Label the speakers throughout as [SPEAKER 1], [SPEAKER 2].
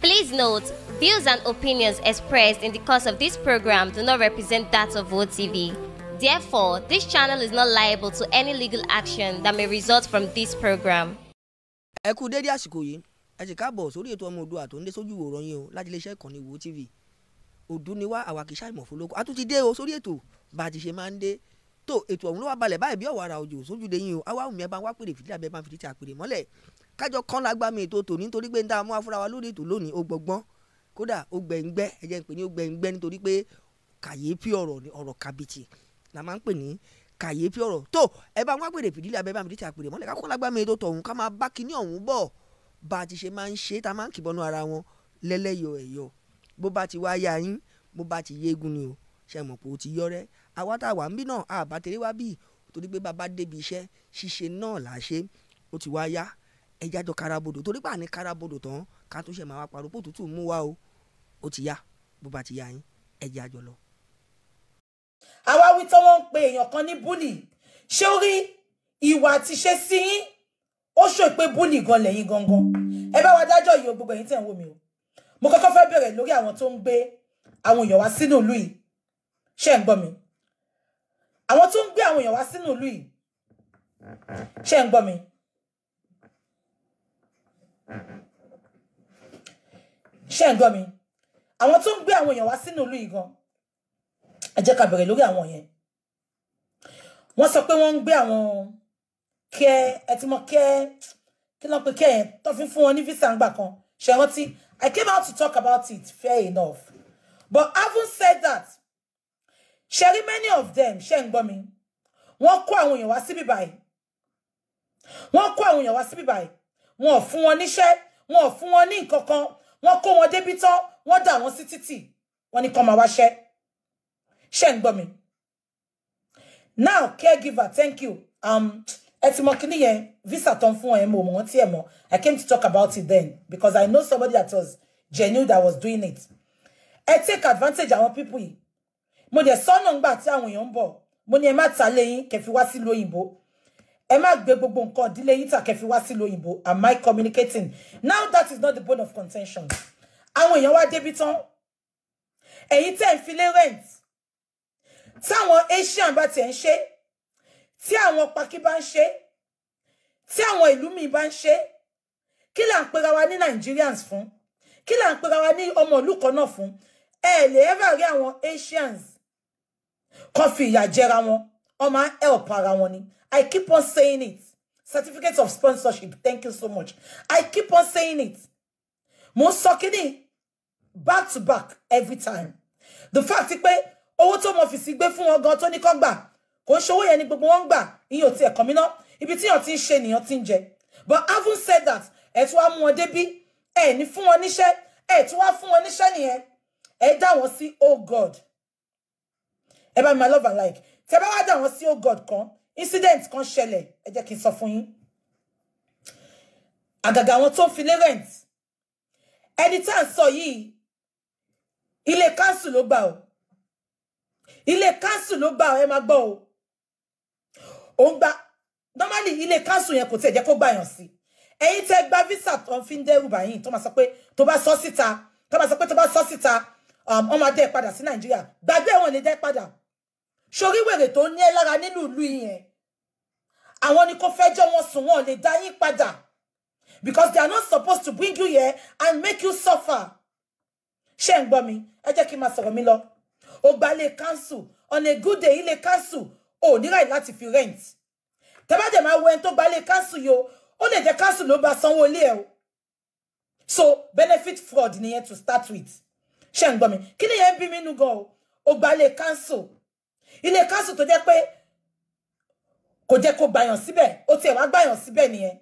[SPEAKER 1] Please note, views and opinions expressed in the course of this program do not represent that of OTV. Therefore, this channel is not liable to any legal action that may result from this program.
[SPEAKER 2] Ẹ kú dédé àsìkò yìí, ẹ sì káàbọ̀ sórí ètò ọmọ Oòduà tó ń dé sójú ìwòran yín o láti iléeṣẹ́ ìkànnì Wo TV. Òdu ni wá àwa kì fún lóko. A tún ti dé o sórí ètò bá a ti ṣe máa ń dé tó ètò ọ̀hún ló wá balẹ̀ báyìí bí ọ̀wàrà òjò sójúde yín o àwa òmìnira bá ń wá pèrè fìdí àbẹ́ bá ń fìdí tí a pèrè mọ́lẹ̀ kájọ kán lágbá mi ètò tòní nítorí pé ń dá amú afúráwa lórí ètò lónìí ó gbọgbọ́n kódà ó gbẹ̀ngbẹ́ ẹ jẹ́ ń pè ní ó gbẹ̀ngbẹ́ nítorí pé kàyéfì ọ̀rọ̀ ọ̀rọ̀ kàbìtì la máa ń pè ní kàyéfì ọ̀rọ̀ tó ẹ bá ń wá pèrè fìdí àbẹ́ bá ń fìdí tí a pèrè mọ́lẹ̀ kákó lágbá mi ètò tọ̀hún ká máa bá kinní ọ̀hún bọ̀ bá a ti ṣe máa ń ṣe tá máa ń kìbọnú ara wọn lẹ́lẹ́yọ̀ ẹ̀yọ̀ bó bá ti wá yá yín bó bá ti yégun ni o ṣe mọ̀ pé o ti yọ́rẹ́ àwa tá a wà ń bí náà àbá tèrè wá bí torí pé bàbá débi iṣẹ́ ṣíṣe náà là á ṣe ó ti wá yá ẹja jọ karabodò torí pàní karabodò tán ká tó ṣe máa wá parọ́ pò tútù mú wá o ó ti yá bó bá ti yá yín ẹja jọ lọ.
[SPEAKER 3] àwa wí tí wọ́n ń pe èèyàn kan ní búlì ṣé ó rí ìwà àti ṣe sí yín ó ṣò pé búlì gan lẹ́yìn gangan ẹ bá wa dájọ́ yìí o gbogbo ẹ̀yin tẹ̀ ń wò mí o mo kọ́kọ́ fẹ́ bẹ̀rẹ̀ lórí àwọn tó ń gbé àwọn èèyàn wá sínú ìlú yìí ṣé ń gbọ́ mi àwọn tó ń gbé àwọn èèyàn wá sínú ìlú yìí ṣé ń gbọ́ mi. ṣé ń gbọ́ mi àwọn tó ń gbé àwọn èèyàn wá sínú ìlú yìí gan ẹ jẹ́ ká bẹ̀rẹ̀ lórí àwọn yẹn wọ́n sọ pé wọ́n ń gbé àwọn kẹ́ ẹ ti mọ kẹ́ kí ló ń pe kẹ́ yẹn tó fi fún wọn ní visa ńgbà kan ṣe rántí I came out to talk about it fair enough but having said that ṣe rí many of them ṣe ń gbọ́ mi wọ́n kó àwọn èèyàn wá síbí báyìí wọ́n kó àwọn èèyàn wá síbí báyìí wọn ò fún wọn níṣẹ́ wọn ò fún wọn ní nǹkan kan wọ́n kó wọn débi tán wọ́n dà wọ́n sí títì wọ́n ní kó máa wáṣẹ́ ṣe ń gbọ́ mi now caregiver thank you um, ẹ ti mọ kíní yẹn visa tó ń fún ẹ mọ wọn tí ẹ mọ i came to talk about it then because i know somebody that was genuine that was doing it ẹ take advantage àwọn people yìí mo dẹ̀ sọ́nà ńgbà tí àwọn èèyàn ń bọ̀ mo ní ẹ má ta lẹ́yìn kẹfí wá sí lóyìnbó ẹ má gbé gbogbo nǹkan ìdílé yín tà kẹfí wá sí lóyìnbó am I communicating now that is not the bone of contention àwọn èèyàn wá débi tán ẹ̀yin tẹ́ ń filé rent táwọn asian bá tiẹ̀ ń ṣe tí àwọn paki bá ń ṣe tí àwọn ìlú mi bá ń ṣe kí là ń pera wa ní Nigerians fún kí là ń pera wa ní ọmọ ìlú kan náà fún ẹ lè ẹ́fà rí àwọn asians kọ́ fi ìyà jẹra wọn help ara wọn ni I keep on saying it certificate of sponsorship thank you so much I keep on saying it mo ń sọ back to back every time the fact pé owó tó mo fi sí gbé fún wọn gan tó ní kọ́ gbà kò ń ṣowó yẹn ni gbogbo wọn ń gbà iye ò tiẹ̀ kàn mí ná ibi tí yàn ti ń ṣe nìyàn ti ń jẹ but having said that ẹ̀ tún wá mú wọn débí ẹ̀ ní fún wọn níṣẹ́ ẹ̀ tún wá fún wọn níṣẹ́ nìyẹn ẹ̀ dá wọn sí oh God Eba my love and like tẹ wada wá dà o oh god kan incident kan ṣẹlẹ̀ ẹ jẹ́ kí n sọ fún yín àgàgà àwọn rent ẹni tá à ń sọ yìí ilé káńsù ló o ilé káńsù ló gbà o ẹ máa o òun gba normally ilé káńsù yẹn kò tiẹ̀ jẹ́ kó gbàyàn sí ẹ̀yin tẹ́ gba visa tó fi ń dẹ́rù bàyìn tó máa sọ pé tó bá sọ síta tó máa sọ pé tó bá sọ síta um, ọmọdé padà sí nàìjíríà gbàgbé wọn lè dẹ́ padà sórí wèrè tó ní ẹ lára nínú ìlú yẹn àwọn ni kò fẹjọ́ wọn sùn wọn lè dá yín padà because they are not supposed to bring you here and make you suffer ṣé ń gbọ́ mi ẹ jẹ́ kí n máa sọ̀rọ̀ mi lọ o ilé council on a good day ilé council ò ní ráì láti fi rent tẹ́bá dẹ̀ máa wo ẹni tó gba ilé council yìí o ó lè jẹ́ council ló bá sanwó ilé ẹ̀ o so benefit fraud nìyẹn to start with ṣé ń gbọ́ mi kí nìyẹn bí mi nú gan o o ilé council ilé council tó jẹ́ pé kò jẹ́ kó gbàyàn síbẹ̀ ó tiẹ̀ wá gbàyàn síbẹ̀ nìyẹn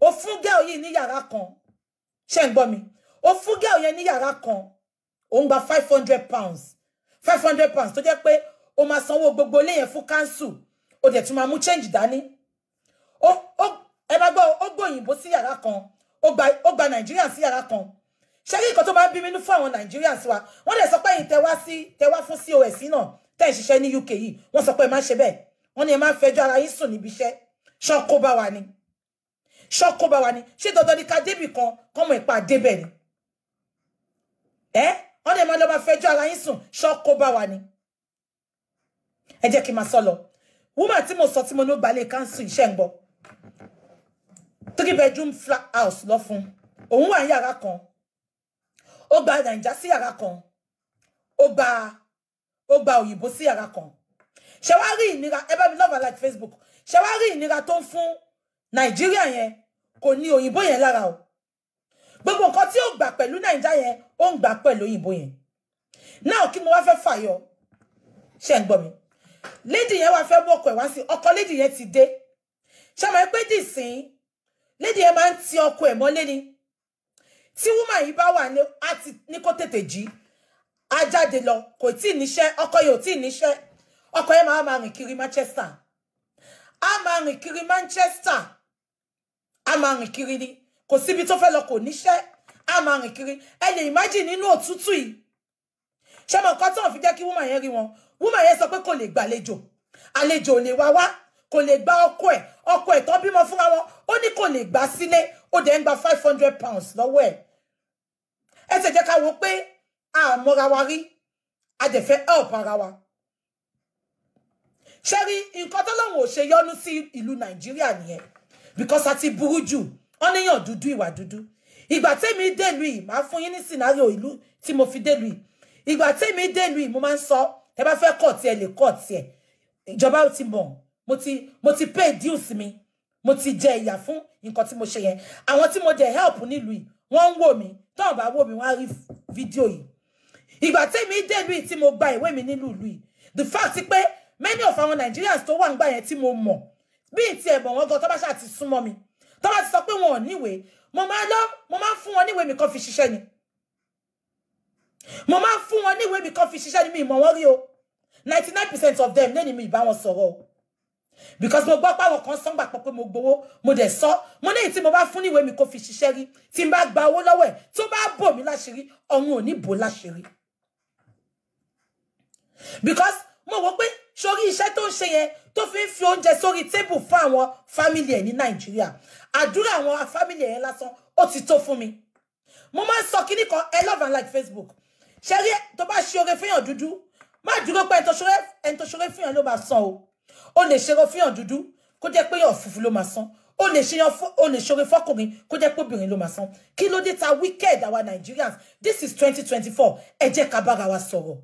[SPEAKER 3] ó fún gẹ́ọ̀ yìí ní yàrá kan ṣe ń gbọ́ mi ó fún gẹ́ọ̀ yẹn ní yàrá kan ó ń gba five hundred pounds five hundred pounds tó jẹ́ pé ó máa sanwó gbogbo ilé yẹn fún council ó dẹ̀ tún máa mú change dání ó ó ẹ bá gbọ́ ó gbòyìnbó sí yàrá kan ó gba ó gba Nàìjíríà sí yàrá kan ṣé kí nǹkan tó máa ń bí fún àwọn Nàìjíríà sí wa wọ́n dẹ̀ sọ pé yìí tẹ wá sí tẹ wá fún COS náà tẹ́ ẹ̀ ṣiṣẹ́ ní UK yìí wọ́n sọ pé ẹ má ṣe bẹ́ẹ̀ wọ́n ní ẹ má fẹjọ́ ara yín sùn níbi iṣẹ́ ṣọ́kó bá wa ni ṣọ́kó bá wa ni ṣé dandan ni ká débì kan kọ́mọ ìpa débẹ̀ ni ẹ wọ́n ní ẹ má lọ máa fẹjọ́ ara yín sùn ṣọ́kó bá wa ni ẹ jẹ́ kí n máa sọ lọ woman tí mo sọ tí mo ní ó balẹ̀ káńsù iṣẹ́ ń gbọ́ three bedroom flat house lọ fún òun wà ní yàrá kan ó gba nàìjà sí yàrá kan ó gba ó gba òyìnbó sí yàrá kan ṣe wá rí ìnira ẹ bá mi love like Facebook ṣe wá rí ìnira tó ń fún nàìjíríà yẹn kò ní òyìnbó yẹn lára o gbogbo nǹkan tí ó gbà pẹ̀lú nàìjíríà yẹn ó ń gbà pẹ̀lú òyìnbó yẹn náà kí mo wá fẹ́ fàyọ ṣe ń gbọ́ mi lady yẹn wá fẹ́ mú ọkọ ẹ̀ wá sí ọkọ lady yẹn ti dé ṣe máa ń pé dìsín lady yẹn máa ń ti ọkọ ẹ̀ mọ́lé ni tí woman yìí bá wà ní kó tètè jí á jáde lọ kò tí ì níṣẹ́ ọkọ yìí tí níṣẹ́ ọkọ yẹn máa máa rìn kiri Manchester á máa rìn kiri Manchester á máa rìn kiri ni kò síbi tó fẹ́ lọ kò níṣẹ́ á máa rìn kiri ẹ lè imagine nínú òtútù yìí ṣé mo kọ́ tó ń fi jẹ́ kí wúmà yẹn rí wọn wúmà yẹn sọ pé kò lè gbàlejò àlejò ò lè wá wá kò lè gba ọkọ ẹ̀ ọkọ ẹ̀ tán bímọ fúnra wọn ó ní kò lè gbà sílé ó dẹ̀ ń gba five hundred pounds lọ́wọ́ ẹ̀ ẹ ṣe jẹ́ ká wo pé a mọ́ra wa rí a dẹ̀ fẹ́ help ara wa ṣe rí nǹkan tọ́lọ́run ò ṣe yọ́nú sí ìlú nàìjíríà because a ti burú jù wọ́n níyàn dúdú ìwà dúdú ìgbà tèmi dèlú yìí máa fún yín ní scenario ìlú tí mo fi dèlú yìí ìgbà tèmi dèlú yìí mo máa ń sọ ẹ bá fẹ́ kọ̀ tiẹ̀ lè kọ̀ tiẹ̀ ìjọba ò ti mọ̀ mo ti mo ti pay dues mi mo ti jẹ ìyà fún nǹkan tí mo ṣe yẹn àwọn tí mo dẹ̀ help nílùú yìí wọ́n ń wò mí tọ́wọ́n bá wò mí wọ́n á rí fídíò yìí ìgbà tèmi délùú yìí tí mo gba ìwé mi nílùú ìlú yìí the fact is pé many of our Nigerians tó wà ńgbà yẹn tí mo mọ̀ bí ti ẹ̀bọ̀n wọn gan tó bá ṣáà ti súnmọ́ mi tó bá ti sọ pé wọn ò níwèé mo máa lọ mo máa fún wọn níwèé mi kan fi ṣiṣẹ́ ni mo máa fún wọn níwèé mi kan fi ṣiṣẹ́ ni mi ìmọ̀ wọn rí o ninety nine percent of them lẹ́ni mi ìbá wọn sọ̀rọ̀ o because mo gbọ́ páwọn kan sọ́ngbà pọ̀ pé mo gbowó mo dẹ̀ sọ mo ní èyí tí mo bá fún níwèé mi kó fi ṣiṣẹ́ rí tí n bá gba owó lọ́wọ́ ẹ̀ tó bá bò mí láṣìírí ọ̀run ò ní bò láṣìírí because mo wò pé sórí iṣẹ́ tó ń ṣe yẹn tó fi ń fi oúnjẹ sórí tébù fún àwọn fámìlì ẹ̀ ní nàìjíríà àdúrà àwọn fámìlì ẹ̀ lásán ó ti tó fún mi mo máa ń sọ kíní kan love and like facebook ṣe rí tó bá ṣe oore fihàn dúdú má dúró pé ẹni tó ṣoore fihàn ló máa san o o lè ṣeré fihàn dudu. kó jẹ́ pé yàn funfun ló máa san o lè ṣe o lè ṣoore fọkùnrin kó jẹ́ pé obìnrin ló máa san kí ló wicked our nigerians this is twenty twenty four ẹ jẹ́ ká wa sọ̀rọ̀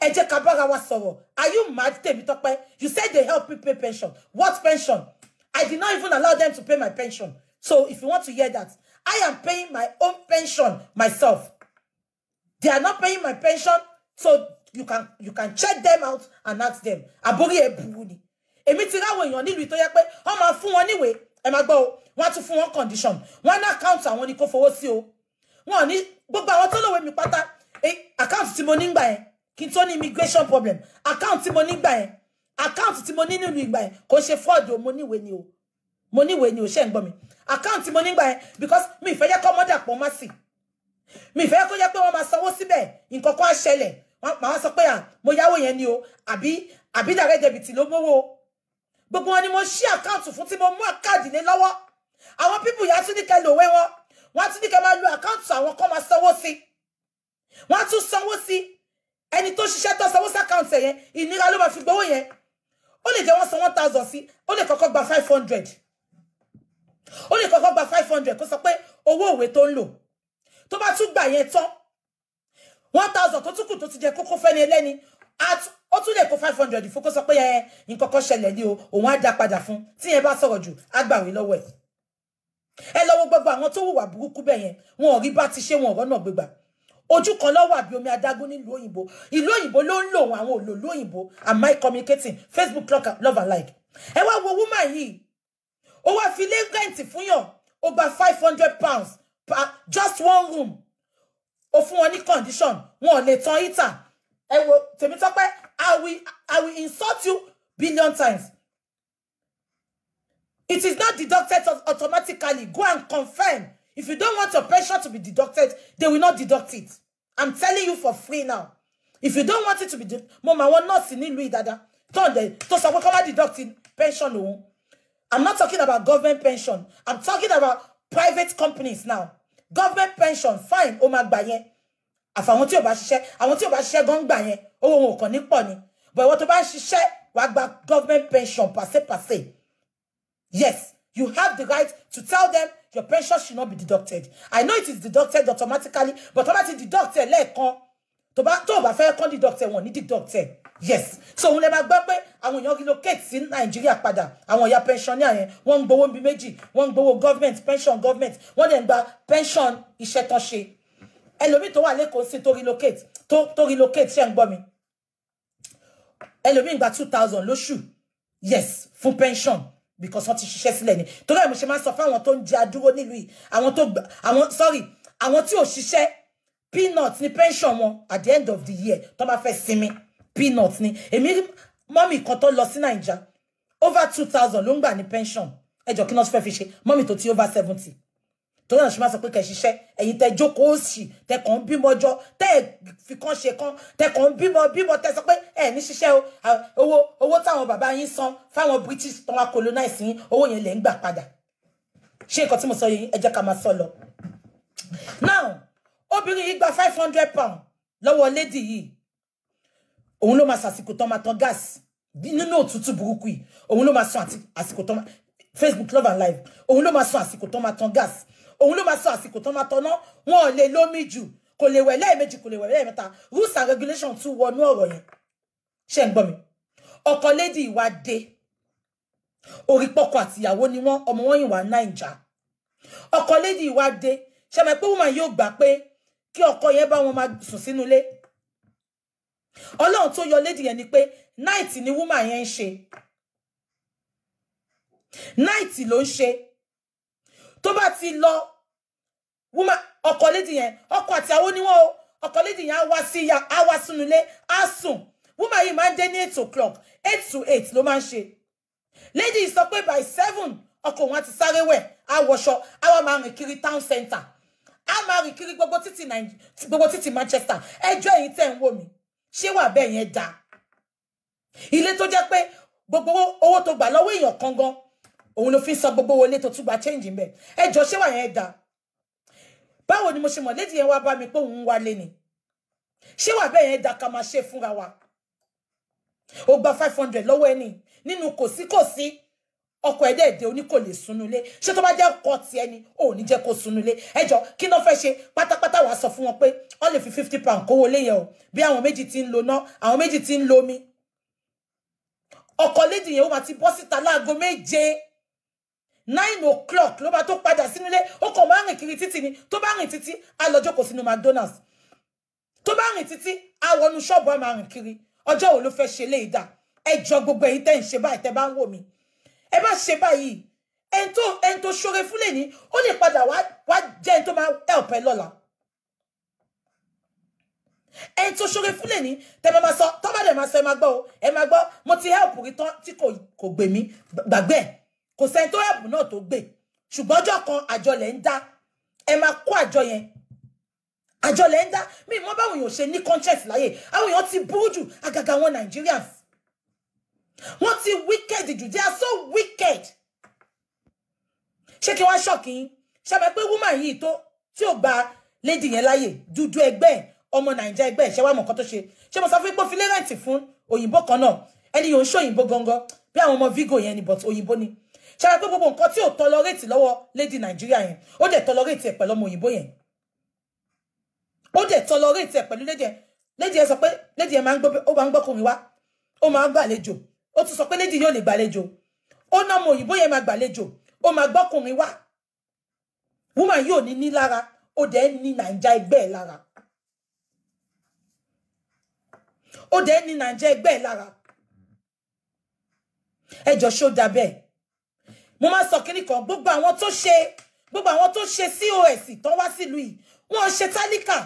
[SPEAKER 3] ẹ kabaga wa sọ̀rọ̀ are you mad Tèmítọ́pẹ́ you said they help me pay pension what pension I did not even allow them to pay my pension so if you want to hear that I am paying my own pension myself they are not paying my pension so you can you can check them out and ask them àbórí ẹ burú ni èmi ti ráwọ èèyàn nílùú tó yẹ pé wọn máa fún wọn níwèé ẹ máa gbọ́ o wọn á tún fún wọn condition wọn ní account àwọn ni kò fowó sí o wọn ní gbogbo àwọn tó lòwe mi pátá eh, account tí mo ní gbà yẹn kí n tó ní immigration problem account tí mo ní gbà yẹn account tí mo ní nínú ìgbà yẹn kò ṣe fraud o mo níwèé ni o mo níwèé ni o ṣe ń gbọ́ mi account tí mo ní gbà yẹn because mi ìfẹ́ yẹ kọ́ mọ́dà pọ̀ má sì mi ìfẹ́ yẹ kó yẹ pé wọ́n máa sanwó síbẹ̀ nǹkan kan á ṣẹlẹ̀ màá sọ pé à mo yáwó yẹn ni o àbí àbí direct debit ló mówó o gbogbo ni mo ṣí account fún tí mo mú àkáàdì lé lọ́wọ́ àwọn pípù yà á tún ní kẹ́ lòwe wọn wọ́n á tún ní kẹ́ lo account àwọn kan máa sanwó sí wọ́n á tún sanwó ẹni tó ṣiṣẹ́ tó sanwó sàkáǹtì yẹn ìnira ló máa fi gbowó yẹn ó lè jẹ́ wọ́n san one thousand sí ó lè kọ́kọ́ gba five hundred ó lè kọ́kọ́ gba five hundred kó sọ pé owó òwe tó ń lò tó bá tún gbà yẹn tán one thousand tó tún kù tó ti jẹ kókó fẹ́ni ẹlẹ́ni ó tún lè kó five hundred fún kó sọ pé ẹ nǹkan kan ṣẹlẹ̀ ni o òun á dá padà fún tí yẹn bá sọ̀rọ̀ jù á gbàwé lọ́wọ́ ẹ̀ ẹ lọ́wọ́ gbogbo àwọn tó hùwà burúkú bẹ́ẹ̀ yẹn wọn ò rí bá ti ṣe wọn ọ̀rọ̀ náà gbégbà ojú kan ló wà bí omi adágún nílùú òyìnbó ìlú òyìnbó ló ń lò wọn àwọn òlòlú òyìnbó am I communicating Facebook love and like ẹ wá wo woman yìí ó wá fi lé rẹ́ǹtì fún yàn ó gba five hundred pounds per just one room ó fún wọn ní condition wọn ò lè tan heater ẹ wo Tèmítọ́pẹ́ I will I will insult you billion times it is not deducted automatically go and confirm If you don't want your pension to be deducted, they will not deduct it. I'm telling you for free now. If you don't want it to be deducted, Mom, I want not in Louis Dada. Don't they? to someone come deducting pension. No. I'm not talking about government pension. I'm talking about private companies now. Government pension, fine, Oh máa gbà yẹn. Àfàwọn tí ò bá ṣiṣẹ́, àwọn tí ò bá ṣiṣẹ́ gan gbà yẹn, owó wọn But what about bá ń ṣiṣẹ́, wàá government pension passe passe. Yes, you have the right to tell them your pension should not be deducted i know it is deducted automatically but tó bá ti deducted lẹ́ẹ̀kan tó bá tó bá fẹ́ con deducted one. ní deducted yes so when lè máa gbọ́ pé àwọn èèyàn relocate sí nàìjíríà padà àwọn ìyá pensioner yẹn wọ́n ń gbowó bíi méjì wọ́n government pension government wọ́n dẹ̀ ń gba pension iṣẹ́ tán ṣe ẹlòmíì tó wà lẹ́kọ̀ọ́ sin to relocate To to relocate ṣe ń gbọ́ mi ẹlòmíì gba two thousand lóṣù yes for pension because wọ́n ti ṣiṣẹ́ sílẹ̀ ni torí ẹ̀ mo ṣe máa ń sọ fáwọn tó ń jẹ adúró nílùú I want tó I want. sorry àwọn tí ò ṣiṣẹ́ peanut ni pension wọn at the end of the year tó bá fẹ́ sinmi peanut ni èmi mọ́mì kan tó lọ sí nàìjà over two thousand ló ń gbà pension ẹjọ́ kí náà fẹ́ fi ṣe mọ́mì tó ti over seventy torí ọ̀nà ṣe máa sọ pé kẹ́ ṣiṣẹ́ ẹ̀yin tẹ jókòó sí tẹ kàn ń bímọ jọ tẹ fi kan ṣe kan tẹ kàn ń bímọ bímọ tẹ sọ pé ẹ ní ṣiṣẹ́ o owó owó táwọn bàbá yín san fáwọn British tán wá colonize yín owó yẹn lẹ̀ ń gbà padà ṣé nǹkan tí mo sọ yìí ẹ jẹ́ ká máa sọ lọ. now obìnrin yìí gba five hundred pound lọ́wọ́ lady yìí òun ló máa sàsìkò tán máa tán gas nínú òtútù burúkú yìí òun ló máa san àsìkò tán Facebook love and life òun ló máa san àsìkò tán máa tán gas òun ló máa sọ àsìkò tán máa tọ́ná wọn ò lè lómi jù kò lè wẹ̀ lẹ́ẹ̀mejì kò lè wẹ̀ lẹ́ẹ̀mẹ́ta rules and regulation tún wọnú ọ̀rọ̀ yẹn ṣe ń gbọ́ mi ọkọ lady ìwà dé orí pọkọ àtìyàwó ni wọn ọmọ wọn ìwà naija ọkọ lady ìwà dé ṣe mọ̀ pé woman yóò gbà pé kí ọkọ yẹn bá wọn máa sùn sínú ilé Ọlọ́run tó yọ lady yẹn ni pé night ni woman yẹn ń ṣe night ló ń ṣe tó bá ti lọ woman ọkọ lady yẹn ọkọ àtìyàwó ni wọn o ọkọ lady yẹn á wá ya á wá sínú ilé á sùn woman yìí máa ń dé ní eight o'clock eight to eight ló máa ń ṣe lady yìí sọ pé by seven ọkọ òun á ti sáré wẹ̀ á wọṣọ á wá máa rìn kiri town center á máa rìn kiri gbogbo títì gbogbo títì Manchester ẹjọ́ èyí tẹ̀ ń wò mí ṣé wà bẹ́ẹ̀ yẹn dáa ilé tó jẹ́ pé gbogbo owó tó gbà lọ́wọ́ èèyàn kan òun ló fi ń san gbogbo wọlé tó tún gba change mbẹ ẹ jọ ṣé wà yẹn da báwo ni mo ṣe mọ̀ lédi yẹn wá bá mi pé òun wálé ni ṣé wà bẹ́ẹ̀ yẹn da ká máa ṣe fúnra wa ó gba five hundred lọ́wọ́ ẹni nínú kòsíkòsí ọkọ ẹdẹ èdè oní kò lè sunulé ṣé tó bá jẹ́ ọkọ ti ẹni ò ní jẹ́ kó sunulé ẹ jọ kí ló fẹ́ ṣe pátápátá wàá sọ fún wọn pé wọ́n lè fi fifty pound kówó lé yẹn o bí àwọn méjì ti ń lo ná àwọn méjì ti ń lo omi ọkọ lédi yẹn ó máa ti bọ́ síta láago méje nine o'clock ló bá tó padà sínú ilé ó kàn máa rìn kiri títì ni tó bá rìn títì á lọ jókòó sínú McDonald's tó bá rìn títì á wọnú ṣọ́ọ̀bù á máa rìn kiri ọjọ́ wo ló fẹ́ ṣe lé ìdá ẹ jọ gbogbo èyí tẹ́ ń ṣe báyìí tẹ́ bá ń wò mí ẹ bá ṣe báyìí ẹni tó ẹni tó ṣoore fún lè ní ó lè padà wá jẹ́ ẹni tó máa help ẹ lọ́la ẹni tó ṣoore fún lè ní tẹ́ máa sọ tọ́ bá dẹ̀ máa sọ ẹ máa gbọ́ ẹ máa gbọ́ mo ti help rí tán tí kò gbè mí gbàgbé ẹ̀ kò sẹ́ni tó ẹ̀bùn náà tó gbè ṣùgbọ́n ọjọ́ kan àjọ lẹ̀ ń dá ẹ máa kó àjọ yẹn àjọ lẹ̀ ń dá mi mọ́ báwọn èèyàn ṣe ní conscience láyè àwọn èèyàn ti bú jù àgàgà àwọn Nigerians wọ́n ti wicked jù they are so wicked ṣé kí wọ́n ṣọ́ọ̀kì yín ṣàbẹ̀ pé woman yìí tó tí ò gba lady yẹn láyè dúdú ẹgbẹ́ ọmọ nàìjà ẹgbẹ́ ẹ̀ ṣe wá mọ̀ nǹkan tó ṣe ṣé mo sọ fún pé fi lérẹ̀ǹtì fún òyìnbó kan náà ẹni yòó ń ṣòyìnbó gangan bí àwọn ọmọ Vigo yẹn ni but òyìnbó ni ṣáà pé gbogbo nǹkan tí ò tọlọrẹ́tì lọ́wọ́ lady nàìjíríà yẹn ó de tọlọrẹ́tì ẹ̀ pẹ̀lú ọmọ òyìnbó yẹn ó tọlọrẹ́tì ẹ̀ pẹ̀lú lady ẹ̀ sọ pé lady ẹ̀ máa ń gbọ́kùnrin wá ó máa ń gbàlejò ó tún sọ pé lady yóò lè gbàlejò ó ná ọmọ òyìnbó yẹn máa gbàlejò ó máa gbọ́kùnrin wá woman yóò ní ní lára ó dẹ̀ ní nàìjà ẹgbẹ́ ẹ̀ lára ó dẹ̀ ní nàìjà ẹgbẹ́ ẹ̀ lára ẹ mo máa sọ kíní kan gbogbo àwọn tó ṣe gbogbo àwọn tó ṣe cos tán wá sílùú yìí wọn ṣe tálíkà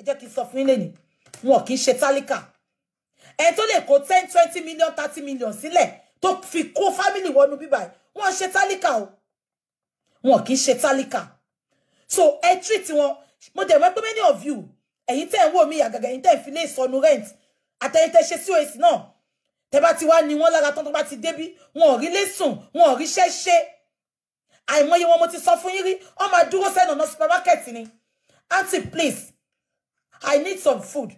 [SPEAKER 3] ẹ jẹ́ kí n sọ fún yín lẹ́nu wọn kì í ṣe tálíkà ẹ tó lè kó ten twenty million thirty million sílẹ̀ tó fi kó fámìlì wọnú bíbá yìí wọn ṣe tálíkà o wọn kì í ṣe tálíkà so ẹ treat wọn mo dẹ̀ mọ̀ pé many of you ẹ̀yin tẹ́ ń wò mí àgàgà ẹ̀yin tẹ́ ń fi lé ìsọnù rent àtẹ̀yìn tẹ́ ṣe cos náà tẹ bá ti wá ní wọn lára tán tó ti débí wọn ò rí lẹ́sùn wọn ò rí ṣẹ́ṣẹ́ àìmọye wọn mo ti sọ fún yín rí wọn máa dúró sẹ́nu ọ̀nà supermarket ni aunty please i need some food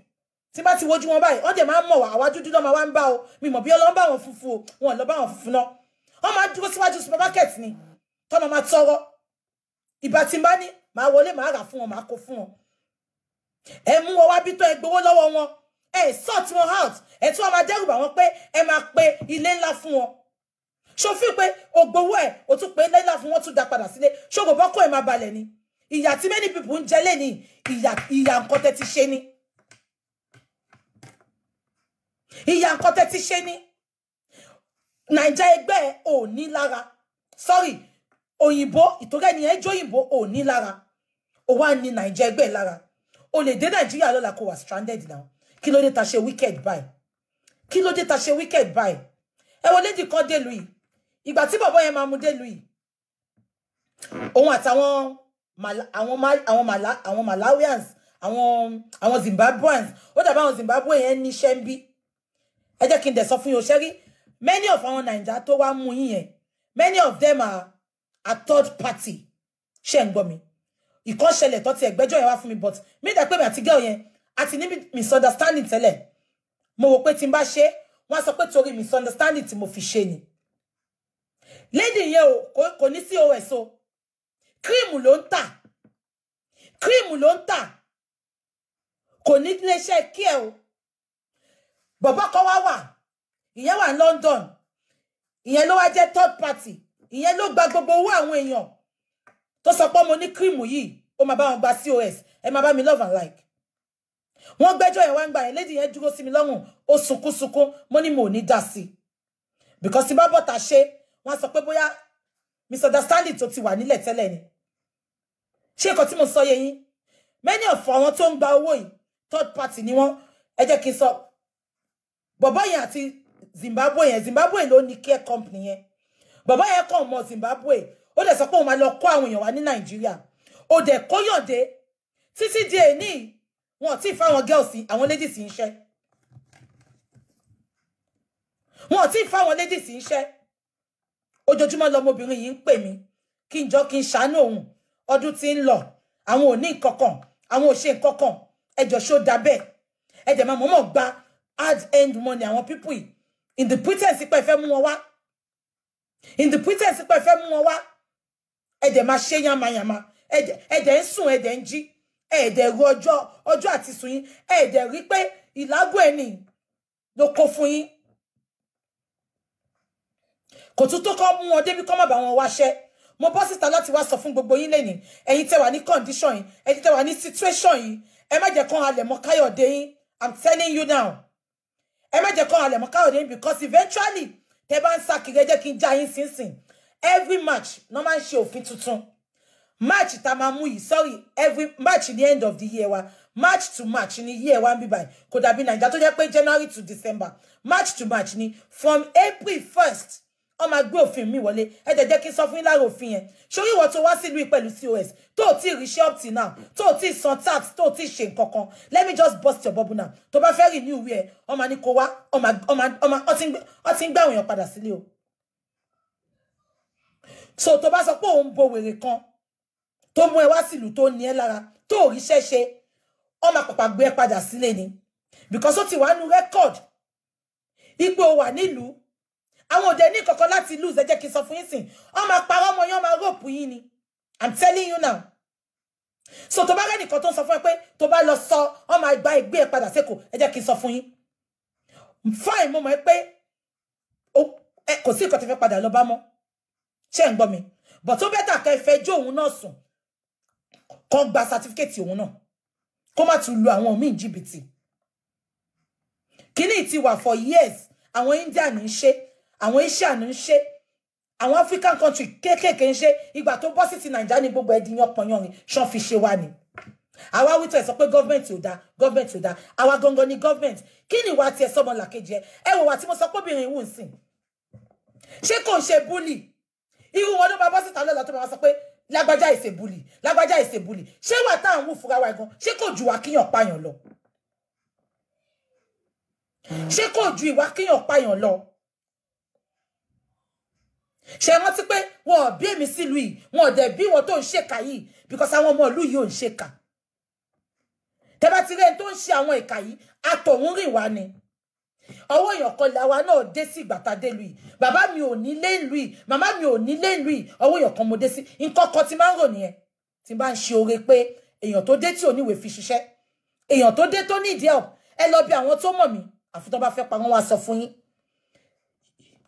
[SPEAKER 3] tí bá ti wojú wọn báyìí wọn dẹ̀ máa ń mọ̀ wá àwa máa wá ń bá o mi mọ̀ bí ọlọ́run bá wọn funfun o wọn lọ bá wọn funfun náà wọn máa dúró síwájú supermarket ni tọ́nà máa tọrọ ìbá tí bá ní màá wọlé màá rà fún wọn màá kó fún wọn ẹ mú wọn wá bí tán ẹ gbowó lọ́wọ́ wọn ẹ sort wọn out ẹ tún máa dẹ́rù bà wọ́n pé ẹ máa pe ilé ńlá fún wọn ṣòfin pé ògbówó ẹ o tún pe ilé ńlá fún wọn tún dá padà sílé ṣògbọ́n kó ẹ máa balẹ̀ ni ìyà tí many people ń jẹ lẹ́ni ìyà ìyà nǹkan tẹ́ ti ṣe ni ìyà nǹkan tẹ́ ti ṣe ni nàìjà ẹgbẹ́ ò ní lára sorry òyìnbó ìtòkẹ́ ni ẹjọ́ òyìnbó ò ní lára ó wá ní nàìjà ẹgbẹ́ lára o lè dé nàìjíríà lọ́la kó wà stranded now kí ló dé ta ṣe wicked by, kí ló dé ta ṣe wicked by. ẹ wo lédi kan dèlú yìí ìgbà tí bàbá yẹn máa mú dèlú yìí òun àtàwọn àwọn Malawians àwọn àwọn Zimbabweans ó dàbí àwọn Zimbabwe yẹn ní iṣẹ́ ń bí ẹ jẹ́ kí n dẹ̀ sọ fún yín o ṣẹ́rí many of àwọn Naija tó wá mú yín yẹn many of them are a third party ṣé ń gbọ́ mi ìkọ́ṣẹlẹ̀ tó ti ẹ̀gbẹ́jọ́ yẹn wá fún mi but mí dà pé mi àti gẹ́ọ̀ yẹn Ati níbi misunderstanding tẹ́lẹ̀ mo wò pé tí n bá ṣe wọ́n sọ pé misunderstanding tí mo fi ṣe ni lady yẹn o kò ní cos o kírìmù ló ń tà kírìmù ló ń tà kò ní iléeṣẹ́ kí o bọ̀bọ́ kan wá wà ìyẹn wà London ìyẹn ló wá jẹ́ third party ìyẹn ló gba gbogbo owó àwọn èèyàn tó sọ pé mo ní kírìmù yìí ó máa bá wọn gba cos ẹ máa bá mi love and like wọ́n gbẹ́jọ́ yẹn wá ń gbà lady yẹn dúró sí mi lọ́rùn ó sunkún sunkún mo ní mo ní dá because tí bá bọ̀tà ṣe wọ́n á sọ pé bóyá misunderstanding to ti wà nílẹ̀ tẹ́lẹ̀ ni ṣé nǹkan tí mo sọ yẹ yín many of àwọn tó ń gba owó third party ni wọ́n ẹ jẹ́ kí n Baba bọ̀bọ́ yẹn Zimbabwe yẹn Zimbabwe ló ní care company yẹn Baba yẹn kàn mọ Zimbabwe ó dẹ̀ sọ pé òun máa lọ kó àwọn èèyàn wá ní Nàìjíríà ó dẹ̀ kóyọ̀dé títí di èní wọn ò tí ì fáwọn girls àwọn ladies iṣẹ́ wọn ò tí ì fáwọn ladies iṣẹ́ ojoojúmọ́ lọmọbìnrin yìí ń pè mí kí n jọ kí n ṣàánú òun ọdún tí ń lọ àwọn ò ní nǹkankan àwọn ò ṣe nǹkankan ẹjọ ṣó da bẹ́ẹ̀ ẹjẹ máa mọ̀ọ́mọ̀ gba hard end money àwọn people yìí in the pretense pé ẹ fẹ́ mú wọn wá in the pretense pé ẹ fẹ́ mú wọn wá ẹjẹ máa ṣe yánmayànma ẹjẹ ń sùn ẹjẹ ń jí ẹ̀ẹ́dẹ̀ ru ọjọ́ ọjọ́ àti sùn yín ẹ̀ẹ́dẹ̀ rí pé ìlágùn ẹni ló kó fún yín kò tún tó kọ́ mú wọn débi kọ́ má bá wọn wáṣẹ́ mo bọ́ síta láti wá sọ fún gbogbo yín lẹ́yìn ẹ̀yin tẹ́ wà ní condition yín ẹ̀yin tẹ́ wà ní situation yín ẹ má jẹ́ kán halẹ̀ mọ́ káyọ̀dé yín i'm telling you now ẹ má jẹ́ kán halẹ̀ mọ́ káyọ̀dé yín because eventually tẹ́ bá ń sá kiri ẹ jẹ́ kí n já yín sínsìn every match ló máa ń ṣe òfin tuntun march tá sorry every march in the end of the year wa march to march ní year wa be bí Could have been nàìjíríà tó jẹ́ pé january to december march to march ni from april first wọ́n máa gbé òfin mi wọlé ẹ jẹ́ jẹ́ kí n sọ fún yín lára òfin yẹn sórí to tó wá sílùú pẹ̀lú cos tó ti ríṣẹ́ up till now tó ti tax tó ti ṣe nǹkan let me just bust your bubble now tó bá fẹ́ rí ní oh my, wọ́n máa ní kó wá wọ́n ti ń gbé àwọn èèyàn padà sílé o so tó bá sọ pé òun bo wèrè kan tó mú ẹ wá sílùú tó ní ẹ lára tó ò ríṣẹ́ ṣe ó máa pàpà gbé ẹ padà sílé ni because ó ti wà nínú record ipò wà nílùú àwọn òde ní kankan láti lose ẹ jẹ́ kí n sọ fún yín sìn ó máa ọmọ yẹn ó rope yín ni i'm telling you now so tó bá rẹ́nìkan tó ń sọ fún ẹ pé tó bá lọ sọ ó máa gba ìgbé ẹ padà sékòó ẹ jẹ́ kí n sọ fún yín fine mo mọ̀ ẹ́ pé kò sí nǹkan tó fẹ́ padà lọ bá mọ́ ṣé ń gbọ́ mi but ó bẹ́tà kẹ́ fẹ́ jó òun náà sùn kó gba certificate òun náà kó má tún lu àwọn míì jìbìtì kíní ti wà for years àwọn India ní í ṣe àwọn Asia ní í ṣe àwọn African country kéékèèké ń ṣe ìgbà tó bọ́ sí ti Nàìjíríà ní gbogbo ẹ̀dín yánpọnyánrin ṣan fi ṣe wá ni àwa wítọ̀ ẹ̀ sọ pé gọ́ọ̀mẹ̀ntì ò dáa gọ́ọ̀mẹ̀ntì ò dáa àwa gangan ni gọ́ọ̀mẹ̀ntì kí ni ìwà tiẹ̀ sọmọ làkejì ẹ ẹ wò wà tí mo sọ pé obìnrin ìwù ń sìn ṣé kò ń ṣe búlì irú wọn ló máa bọ́ síta lọ́la tó máa sọ pé lágbájá ìṣèbùlì lágbájá ìṣèbùlì ṣé wà tá à ń wù fúra wa gan ṣé kò ju wà kíyàn pààyàn lọ ṣé kò ju ìwà kíyàn pààyàn lọ ṣe rántí pé wọn ò bí èmi sílùú yìí wọn ò dẹ̀ bí wọn tó ń ṣèkà yìí because àwọn ọmọ ìlú yìí ò ń ṣèkà tẹ bá ti rí ẹni tó ń ṣe àwọn ìkà yìí àtọ̀hún rìn wá ni ọwọ́ èèyàn kan làwa náà dé sí ìgbà tá a dé lu yìí bàbá mi ò nílé ìlú yìí màmá mi ò nílé ìlú yìí ọwọ́ èèyàn kan mo dé sí nǹkan kan ti máa ń rò nìyẹn tí n bá ń ṣe oore pé èèyàn tó dé tí oníwèé fi ṣiṣẹ́ èèyàn tó dé tó ní ìdí ẹ̀ ẹ lọ bí àwọn tó mọ̀ mí àfi tó bá fẹ́ pa wọ́n wá sọ fún yín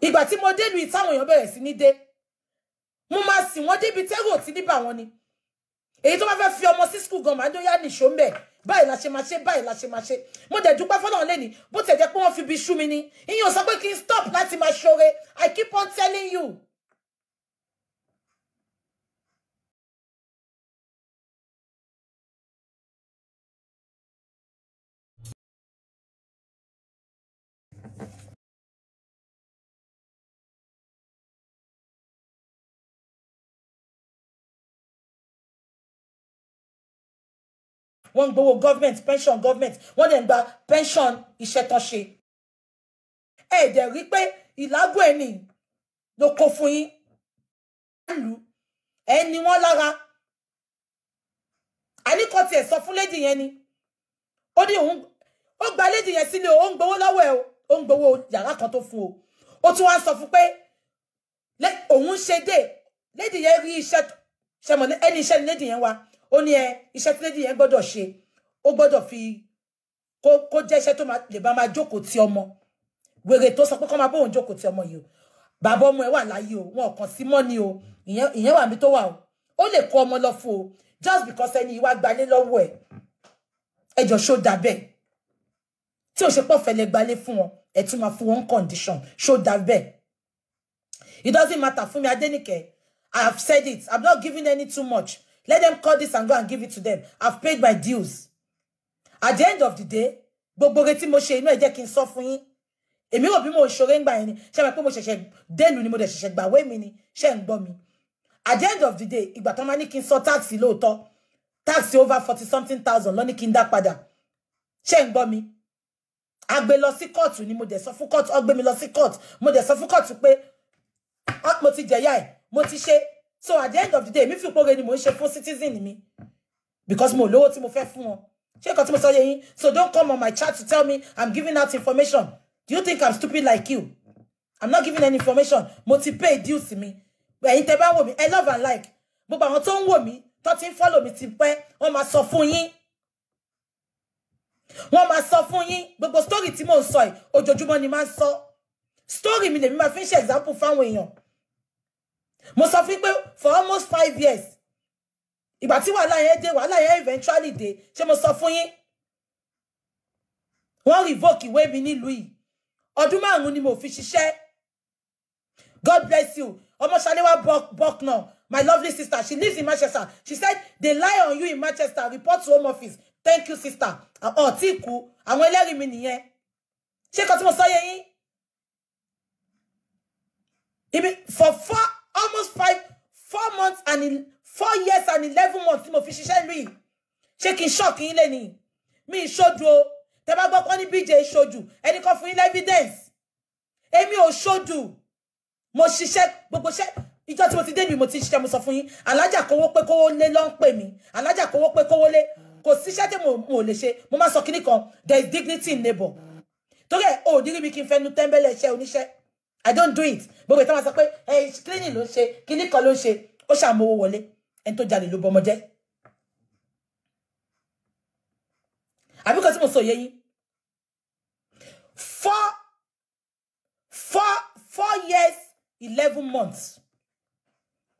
[SPEAKER 3] ìgbà tí mo dé lu yìí táwọn èèyàn bẹ̀rẹ̀ sí ní dé mo máa sìn wọ́n débi tẹ́rù òtí níbà wọn ni èyí tó bá fẹ́ fi ọmọ sí skul gan màá dóyá nìṣó ń bẹ̀ báyìí la ṣe máa ṣe báyìí la ṣe máa ṣe mo dẹ̀ dúpẹ́ fọlọ́run lẹ́ni bó tẹ̀ jẹ́ pé wọ́n fi bí ṣú mi ni ìyẹn ò sọ pé kí n stop láti máa ṣoore I keep on telling you wọ́n ń government pension government wọ́n dẹ̀ gba pension iṣẹ́ tán ṣe. ẹ dẹ̀ rí pé ìlágùn ẹni ló kó fún yín lù ẹ ní wọ́n lára àníkọ́ tiẹ̀ sọ fún lédì yẹn ni ó ní òun ó gba lédì yẹn sílé o ó ń gbowó lọ́wọ́ o ó ń gbowó yàrá kan tó fún o ó tún wá sọ fún pé òun ṣe dé lédì yẹn rí iṣẹ́ ṣẹmọ ẹni iṣẹ́ ni lédì yẹn wá ó ní ẹ iṣẹ́ tí lady yẹn gbọ́dọ̀ ṣe ó gbọ́dọ̀ fi kó kó jẹ́ iṣẹ́ tó lè bá máa jókòó ti ọmọ wèrè tó sọ pé kó máa bóun jókòó ti ọmọ yìí o bàbá ọmọ ẹ wà láyé o wọn kàn sí mọ́ o ìyẹn ìyẹn wà mí tó wà o ó lè kó ọmọ lọ fún o just because ẹni ìwà gbalé lọ́wọ́ ẹ̀ ẹjọ́ ṣó dà bẹ́ẹ̀ tí o ṣe pọ̀ fẹ́lẹ́ gbalé fún wọn ẹ̀ tún máa fún wọn condition ṣó dà bẹ́ẹ̀ it doesn't matter fún mi Adénìkẹ́ I have said it I'm not giving any too much Let them cut this and go and give it to them. I've paid my dues. At the end of the day, gbogbo re mo ṣe inú ẹ jẹ́ kí n sọ fún yín. Èmi rò bí mo ṣọ̀rẹ́ ńgbà yẹn ni, ṣé mọ̀ pé mo ṣẹ̀ṣẹ̀ delu ni mo dẹ̀ ṣẹ̀ṣẹ̀ gbàwé mi ni, ṣé ń gbọ́ mi. At the end of the day, ìgbà tọ́n máa ní kí n sọ tax lóòótọ́. Tax over forty something thousand ló ní kí n dá padà. Ṣé ń gbọ́ mi. A lọ sí court ni mo dẹ̀ sọ fún court, ó mi lọ sí court. Mo dẹ̀ sọ fún court pé mo ti jẹ̀yà ẹ̀, mo ti ṣe so at the end of the day mi fi pore ni mo ń ṣe citizen mi because mo lowo ti mo fe fun. wọn ṣé nǹkan tí mo sọ yé yín so don't come on my chat to tell me i'm giving out information do you think i'm stupid like you i'm not giving any information mo ti pay dues mi ẹ̀yin tẹ́ bá wo mí i love and like gbogbo àwọn tó ń wò mí tó ti follow mi ti pẹ́ wọ́n máa so fun yin. wọ́n máa so fun yin, gbogbo story ti mo ń sọ yìí ojoojúmọ́ ni máa ń sọ story mi lèmi máa fi ń ṣe example fáwọn èèyàn mo sọ fún pé for almost five years ìgbà tí wàhálà yẹn dé wàhálà yẹn eventually dé ṣé mo sọ fún yín wọ́n revoke ìwé mi nílùú yìí ọdún márùn-ún ni mo fi ṣiṣẹ́ God bless you ọmọṣaléwá now. my lovely sister she lives in Manchester she said they lie on you in Manchester report to home office thank you sister ọtí kú àwọn ẹlẹ́rìí mi nìyẹn ṣé kan tí mo sọ yẹ yín ibi for four almost five four months and four years and eleven months tí mo fi ṣiṣẹ́ lùi ṣé kí n ṣọ́ọ̀kì yín lẹ́ni mi ì ṣojú o tẹ́ bá gbọ́ kọ́ ní bj ṣojú ẹnì kan fún yín lẹ́fídẹ́ǹsì èmi ò ṣojú mo ṣiṣẹ́ gbogbo ṣẹ́ ìjọ tí mo ti débi mo ti ṣiṣẹ́ mo sọ fún yín alájà kówó pé kówó lé ló ń pè mí alájà kówó pé kówó lé kò síṣẹ́ tí mo lè ṣe mo máa sọ kíní kan there is dignity in labour torí ẹ̀ ò ní rí mi kí n fẹ́ nu tẹ́ńbẹ́lẹ̀ iṣẹ́ oníṣẹ́ i don't do it gbogbo ìtàn sọ pé ẹ screening ló ń ṣe kíní kan ló ń ṣe ó ṣàmówó wọlé ẹni tó jalè ló bọmọ àbí kan tí mo sọ yẹ yín four four four years eleven months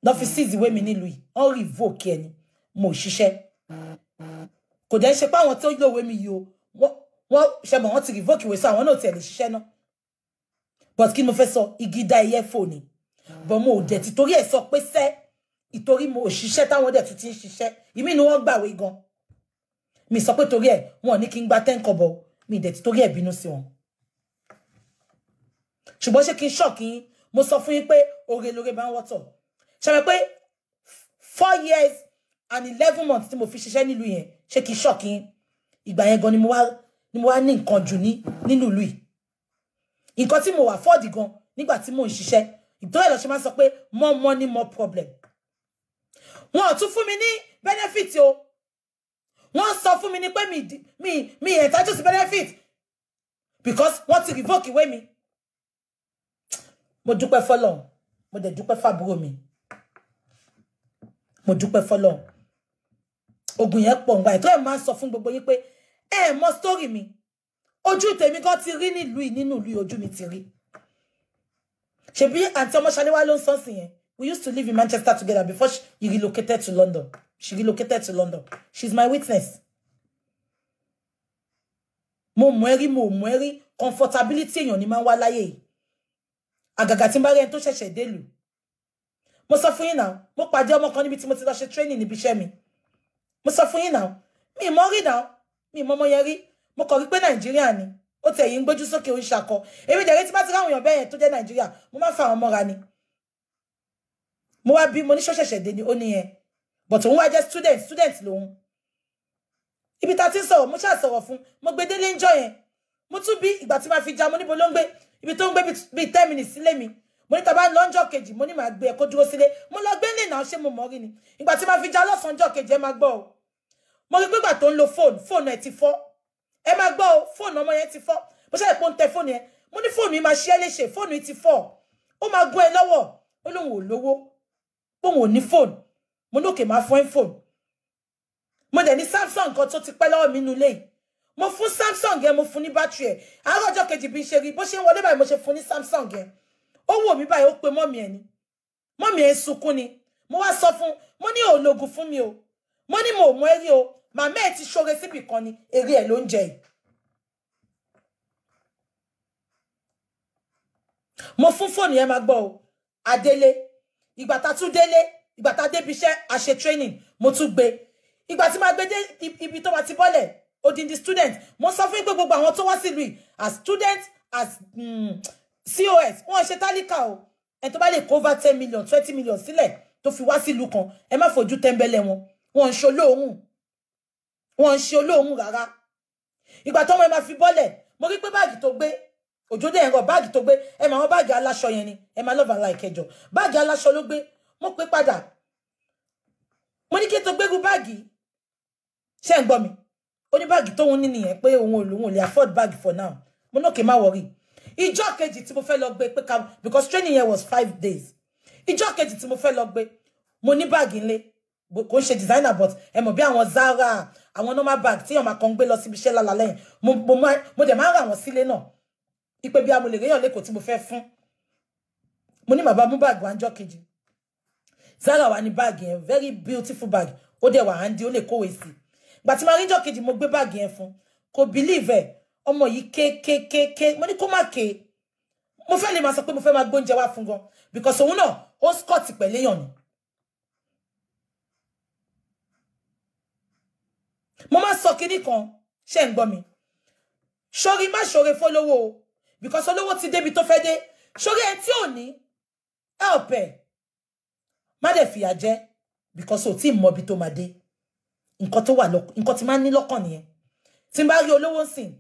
[SPEAKER 3] lọ fi six ìwé mi nílùú yìí wọn revoke ẹni mo ṣiṣẹ́ kò dẹ́ ṣe pé àwọn tó lówó mi yìí o wọ́n ṣe mọ̀ wọ́n ti revoke ìwé sọ àwọn náà tiẹ̀ lè ṣiṣẹ́ náà but kí ni mo fẹ́ sọ igi dá ẹyẹ fò ni but mo ò dẹ̀ ti torí ẹ̀ sọ pé sẹ́ ìtorí mo ò ṣiṣẹ́ táwọn dẹ̀ tún ti ń ṣiṣẹ́ ìmí ni wọ́n gbàwé gan mi sọ pé torí ẹ̀ wọn ò ní kí n gba ten kọ́bọ̀ mi dẹ̀ ti torí ẹ̀ bínú sí wọn ṣùgbọ́n ṣé kí n ṣọ́ọ̀kì yín mo sọ fún yín pé oore lóore máa ń wọ́tọ̀ ṣàmì pé four years and eleven months tí mo fi ṣiṣẹ́ nílùú yẹn ṣé kí n ṣọ́ọ̀kì yín ìgbà yẹn gan ni mo wá ní nǹkan jù ní nínú ìlú nǹkan tí mo wà fọ́ọ̀dì gan nígbà tí mò ń ṣiṣẹ́ ìtọ́jú ẹ̀lọ́ṣẹ́ máa ń sọ pé more money more problem wọn ò tún fún mi ní benefit o wọ́n sọ fún mi ní pé mi mi mi ẹ̀tájú sí benefit because wọ́n ti revoke ìwé mi mo dúpẹ́ fọlọ́run mo dẹ̀ dúpẹ́ fàbúrò mi mo dúpẹ́ fọlọ́run ogun yẹn pọ̀ ngbà ẹ̀ tó ẹ̀ máa ń sọ fún gbogbo yín pé ẹ mọ story mi ojú tèmi gan ti rí nílùú nínú ìlú ojú mi ti rí ṣebí àǹtí ọmọṣaléwá ló ń sọ sí yẹn we used to live in Manchester together before she relocated to London she relocated to London she's my witness mo mọ̀ ẹ́ mo mọ̀ ẹ́ comfortability èèyàn ni máa ń wá láyé yìí àgàgà tí n bá rí ẹni tó ṣẹ̀ṣẹ̀ délùú mo sọ fún yín náà mo pàdé ọmọ kan níbi tí mo ti lọ ṣe training níbi iṣẹ́ mi mo sọ fún yín náà mi mọ̀ rí náà mi mọ̀ ọmọ yẹn rí mo kàn rí nàìjíríà ni ó tẹ̀ yìí ń gbójú sókè ó ń ṣakọ èmi dẹ̀ létí bá ti ráwọn èèyàn bẹ́ẹ̀ yẹn tó jẹ́ nàìjíríà mo máa fa àwọn mọ́ra ni mo wá bí mo ní ṣọ́ṣẹ̀ṣẹ̀ dé ni ó ní yẹn but òun wá jẹ́ student student lòun ibi ta ti ń sọ̀rọ̀ mo ṣáà sọ̀rọ̀ fún mo gbé délé ń yẹn mo tún bí ìgbà tí ma fi ja mo níbo ló ń gbé ibi tó ń gbé bíi ten minutes sílé mi mo ní tàbá lọ́njọ́ kejì mo ní màá gbé ẹ kó dúró sílé mo lọ gbé lẹ́nà ṣé mo mọ̀ rí ni ìgbà tí ma fi ja lọ́sànjọ́ kejì ẹ máa gbọ́ o mo rí pé ìgbà tó ń lo fóònù fóònù ẹ ti fọ́ ẹ máa gbọ́ o fóònù ọmọ yẹn ti fọ́ bó ṣe ìpò ń tẹ fóònù yẹn mo ní fóònù yìí máa ṣe é léṣe fóònù yìí ti fọ́ ó máa gún ẹ lọ́wọ́ ó lóun ò lówó bóun ò ní fóònù mo ní òkè máa fọ́ ẹ́ fóònù mo dẹ̀ ní Samsung kan tó ti pẹ́ lọ́wọ́ mi nulẹ̀ yìí mo fún Samsung yẹn mo fún ní bátìrì ẹ̀ àárọ̀ ọjọ́ kejì bí n ṣe rí bó ṣe ń wọlé báyìí mo ṣe fún ní Samsung yẹn ó wò mí báyìí ó pe mọ́mì ẹ̀ ni mọ́mì ẹ̀ sunkún ni mo wá sọ fún mo ní òòlògùn fún mi o mo ní mo mú eré o màmá ẹ ti ṣoore síbì kan ni eré ẹ ló ń jẹ mo fún fóònù yẹn máa gbọ́ o adélé ìgbà tá tún délé ìgbà tá débi iṣẹ́ àṣe training mo tún gbé ìgbà tí máa gbé dé ibi tó ma ti bọ́lẹ̀ odindi student mo sọ fún pé gbogbo àwọn tó wá sílùú yìí as student as um, mm, cos wọn ṣe tálíkà o ẹ tó bá lè cover ten million twenty million sílẹ̀ tó fi wá sílùú kan ẹ má fojú tẹ́ńbẹ́lẹ́ wọn wọn ń ṣe olóhùn wọn ń ṣe olóhùn rárá ìgbà tó wọn máa fi bọ́lẹ̀ mo rí pé báàgì tó gbé òjò dé ẹ̀rọ báàgì tó gbé ẹ máa wọn báàgì aláṣọ yẹn ni ẹ máa lọ́ọ̀bà láì kẹjọ báàgì aláṣọ ló gbé mo pé padà mo ní kí n tó gbégu báàgì ṣé ń gbọ́ mi ó ní báàgì tóun ní nìyẹn pé òun ò lòun ò lè afford báàgì for now mo náà kì í má wọrí ìjọ kejì tí mo fẹ́ lọ gbé pé ká because training yẹn was five days ìjọ kejì tí mo fẹ́ lọ gbé mo ní báàgì ńlẹ̀ kò ń ṣe designer but ẹ mọ̀ bí àwọn Zara àwọn normal bag tí èèyàn máa kàn ń gbé lọ síbi iṣẹ́ lálálẹ́ yẹn mo dẹ̀ máa ń rà wọ́n sílé náà ipe bí amòlè réyàn lẹ́kọ̀ọ́ tí mo fẹ́ fún mo ní màbá mú bag wájọ́ kejì Zara wà ní bag yẹn very beautiful bag ó dẹ̀ wà handy ó lè kówé sí ìgbà tí màá ríjọ́ kejì mo gbé bag yẹn fún kò believe ẹ̀ ọmọ yìí kékékéké mo ní kó má ké mo fẹ́ lè máa sọ pé mo fẹ́ máa gbóúnjẹ wá fún gan because òun náà ó scott pẹ̀lẹ́yàn ni mo máa sọ kinní kan ṣe ń gbọ́ mi ṣorí má ṣoore fólówó because olówó ti débi tó fẹ́ dé ṣorí ẹ tí ò help ẹ má dẹ̀ fìyà jẹ because o ti mo ibi tó máa dé nǹkan tó wà lọ́kàn nǹkan tí máa ń ní lọ́kàn nìyẹn tí n bá rí olówó sìn